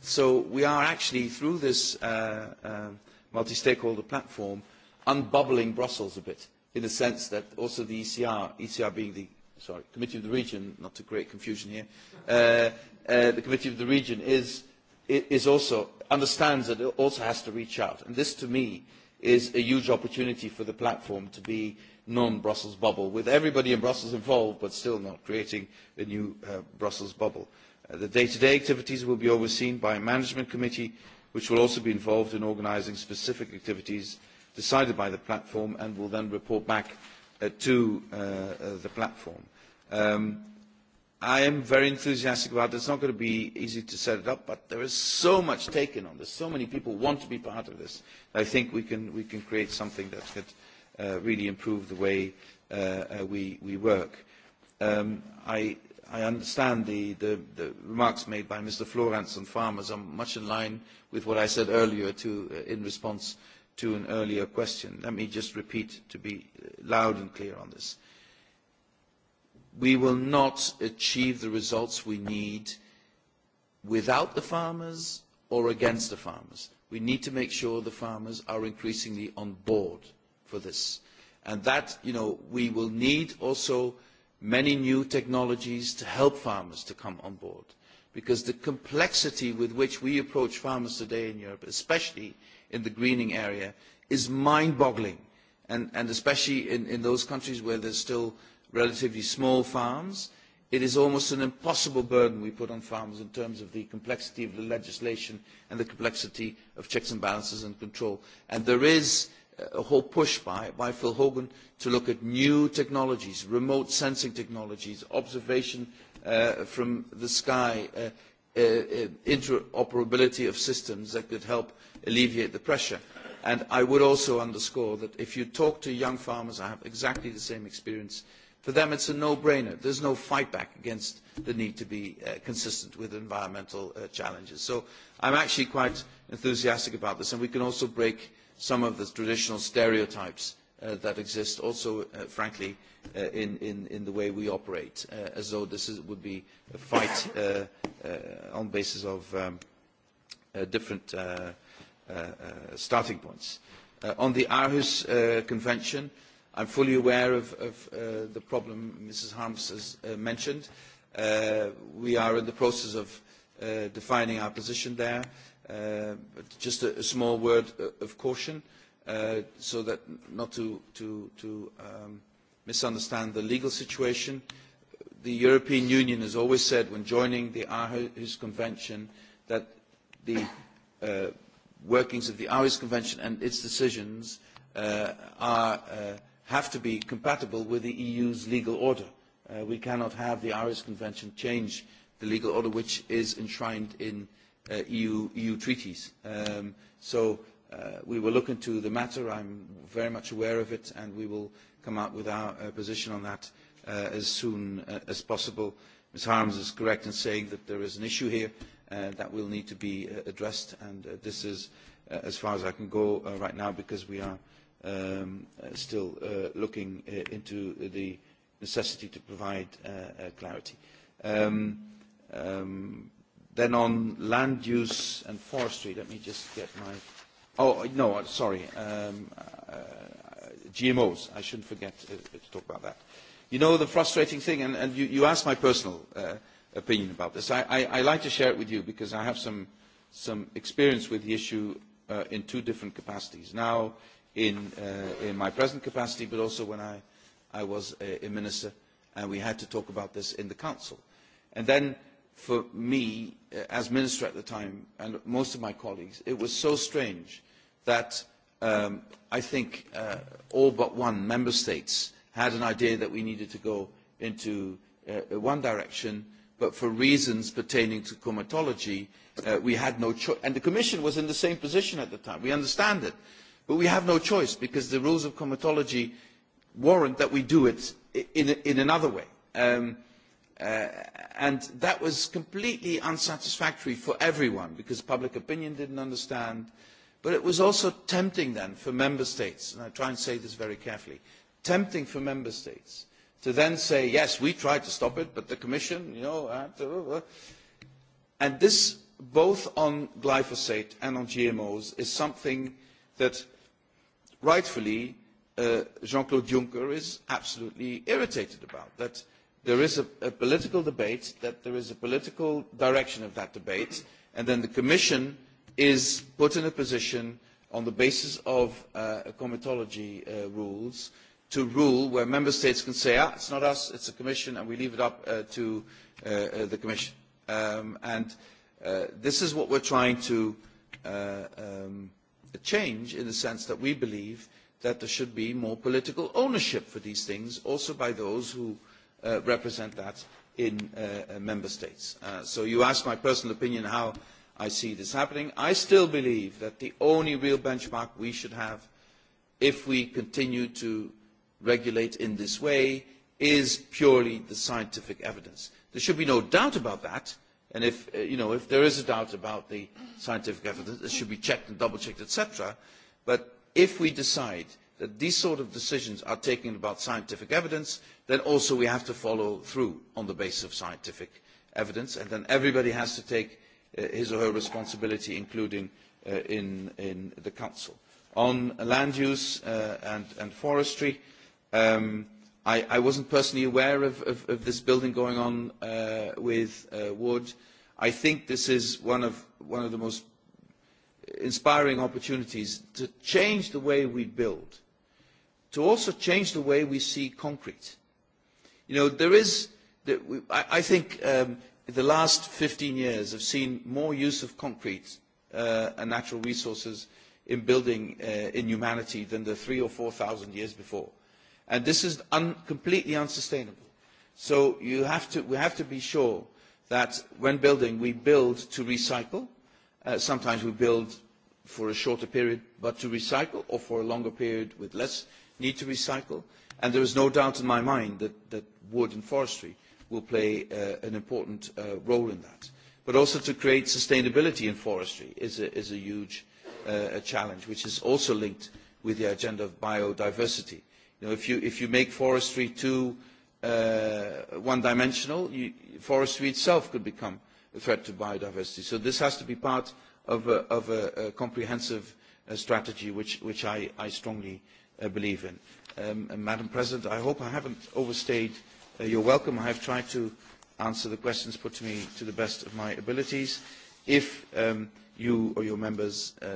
So we are actually, through this uh, uh, multi-stakeholder platform, unbubbling Brussels a bit, in the sense that also the ECR, ECR being the sorry, Committee of the Region, not to create confusion here, uh, uh, the Committee of the Region is, is also, understands that it also has to reach out. And this, to me, is a huge opportunity for the platform to be non-Brussels bubble, with everybody in Brussels involved, but still not creating a new uh, Brussels bubble. Uh, the day-to-day -day activities will be overseen by a management committee, which will also be involved in organising specific activities decided by the platform and will then report back uh, to uh, uh, the platform. Um, I am very enthusiastic about it. It's not going to be easy to set it up, but there is so much taken on this. So many people want to be part of this. I think we can, we can create something that could uh, really improve the way uh, uh, we, we work. Um, I, I understand the, the, the remarks made by Mr. Florence on farmers are much in line with what I said earlier to, uh, in response to an earlier question. Let me just repeat to be uh, loud and clear on this. Uh, we will not achieve the results we need without the farmers or against the farmers. We need to make sure the farmers are increasingly on board for this. And that, you know, we will need also many new technologies to help farmers to come on board. Because the complexity with which we approach farmers today in Europe, especially in the greening area, is mind-boggling. And, and especially in, in those countries where there's still relatively small farms. It is almost an impossible burden we put on farmers in terms of the complexity of the legislation and the complexity of checks and balances and control. And there is uh, a whole push by, by Phil Hogan to look at new technologies, remote sensing technologies, observation uh, from the sky, uh, uh, uh, interoperability of systems that could help alleviate the pressure. And I would also underscore that if you talk to young farmers, I have exactly the same experience For them, it's a no-brainer. There's no fight back against the need to be uh, consistent with environmental uh, challenges. So I'm actually quite enthusiastic about this, and we can also break some of the traditional stereotypes uh, that exist also, uh, frankly, uh, in, in, in the way we operate, uh, as though this is, would be a fight uh, uh, on basis of um, uh, different uh, uh, uh, starting points. Uh, on the Aarhus uh, Convention, uh, I'm fully aware of, of uh, the problem Mrs. Harms has uh, mentioned. Uh, we are in the process of uh, defining our position there. Uh, just a, a small word uh, of caution, uh, so that not to, to, to um, misunderstand the legal situation. The European Union has always said when joining the Aarhus Convention that the uh, workings of the Aarhus Convention and its decisions uh, are uh, have to be compatible with the EU's legal order. Uh, we cannot have the Irish Convention change the legal order which is enshrined in uh, EU, EU treaties. Um, so uh, we will look into the matter. I'm very much aware of it and we will come out with our uh, position on that uh, as soon uh, as possible. Ms. Harms is correct in saying that there is an issue here uh, that will need to be uh, addressed and uh, this is uh, as far as I can go uh, right now because we are um, uh, still uh, looking uh, into the necessity to provide uh, uh, clarity. Um, um, then on land use and forestry, let me just get my... Oh, no, uh, sorry, um, uh, GMOs. I shouldn't forget uh, to talk about that. You know, the frustrating thing, and, and you, you asked my personal uh, opinion about this. I, I, I like to share it with you because I have some, some experience with the issue uh, in two different capacities. Now, in, uh, in my present capacity, but also when I, I was a, a minister, and we had to talk about this in the Council. And then for me, uh, as minister at the time, and most of my colleagues, it was so strange that um, I think uh, all but one member states had an idea that we needed to go into uh, uh one direction, but for reasons pertaining to comatology, uh, we had no choice. And the Commission was in the same position at the time. We understand it. But we have no choice because the rules of comitology warrant that we do it in, in another way. Um, uh, and that was completely unsatisfactory for everyone because public opinion didn't understand. But it was also tempting then for member states, and I try and say this very carefully, tempting for member states to then say, yes, we tried to stop it, but the commission, you know, uh, uh, and this both on glyphosate and on GMOs is something that rightfully uh, Jean-Claude Juncker is absolutely irritated about, that there is a, a political debate, that there is a political direction of that debate, and then the Commission is put in a position on the basis of uh, comitology uh, rules to rule where member states can say, ah, it's not us, it's the commission, and we leave it up uh, to uh, uh, the commission. Um, and uh, this is what we're trying to uh, um, a change in the sense that we believe that there should be more political ownership for these things, also by those who uh, represent that in uh, uh member states. Uh, so you asked my personal opinion how I see this happening. I still believe that the only real benchmark we should have if we continue to regulate in this way is purely the scientific evidence. There should be no doubt about that. And if, uh, you know, if there is a doubt about the scientific evidence, it should be checked and double-checked, etc. But if we decide that these sort of decisions are taken about scientific evidence, then also we have to follow through on the basis of scientific evidence, and then everybody has to take uh, his or her responsibility, including uh, in, in the Council. On land use uh, and, and forestry, um, I, I wasn't personally aware of, of, of this building going on uh, with uh, wood. I think this is one of, one of the most inspiring opportunities to change the way we build, to also change the way we see concrete. You know, there is, we, I, I think um, the last 15 years have seen more use of concrete uh, and natural resources in building uh, in humanity than the three or four thousand years before. And this is un completely unsustainable. So you have to, we have to be sure that when building, we build to recycle. Uh, sometimes we build for a shorter period, but to recycle, or for a longer period with less need to recycle. And there is no doubt in my mind that, that wood and forestry will play uh, an important uh, role in that. But also to create sustainability in forestry is a, is a huge uh, a challenge, which is also linked with the agenda of biodiversity You know, if, you, if you make forestry too uh, one-dimensional, forestry itself could become a threat to biodiversity. So this has to be part of a, of a, a comprehensive uh, strategy, which, which I, I strongly uh, believe in. Um, and Madam President, I hope I haven't overstayed uh, your welcome. I have tried to answer the questions put to me to the best of my abilities. If um, you or your members uh,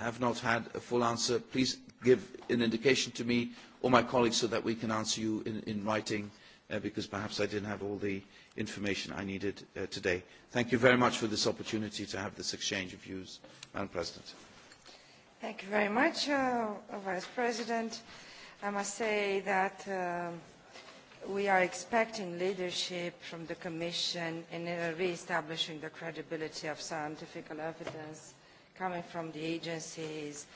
have not had a full answer, please give an indication to me or my colleagues so that we can answer you in, in writing uh, because perhaps I didn't have all the information I needed uh, today. Thank you very much for this opportunity to have this exchange of views, Madam President. Thank you very much, uh, uh Vice President. I must say that uh, we are expecting leadership from the Commission in uh, re-establishing the credibility of scientific evidence coming from the agencies.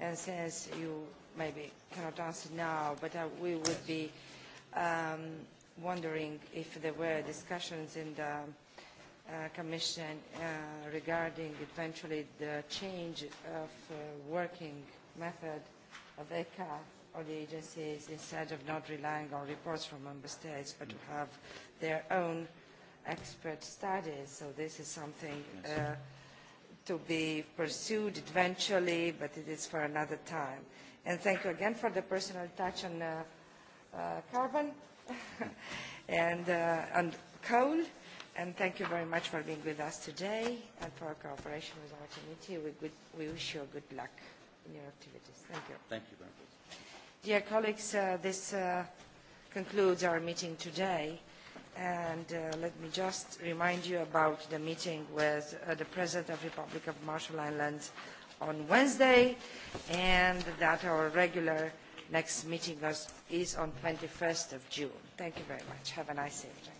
And since you maybe cannot answer now, but uh, we would be um, wondering if there were discussions in the uh, Commission uh, regarding eventually the change of uh, working method of ECA or the agencies instead of not relying on reports from member states but to have their own expert studies. So this is something uh, to be pursued eventually, but it is for another time. And thank you again for the personal touch on uh, uh, carbon and uh, on coal. And thank you very much for being with us today and for our cooperation with our committee. We, good, we wish you good luck in your activities. Thank you. Thank you very much. Dear colleagues, uh, this uh, concludes our meeting today. And uh, let me just remind you about the meeting with uh, the President of the Republic of Marshall Islands, on Wednesday, and that our regular next meeting is on 21st of June. Thank you very much. Have a nice evening.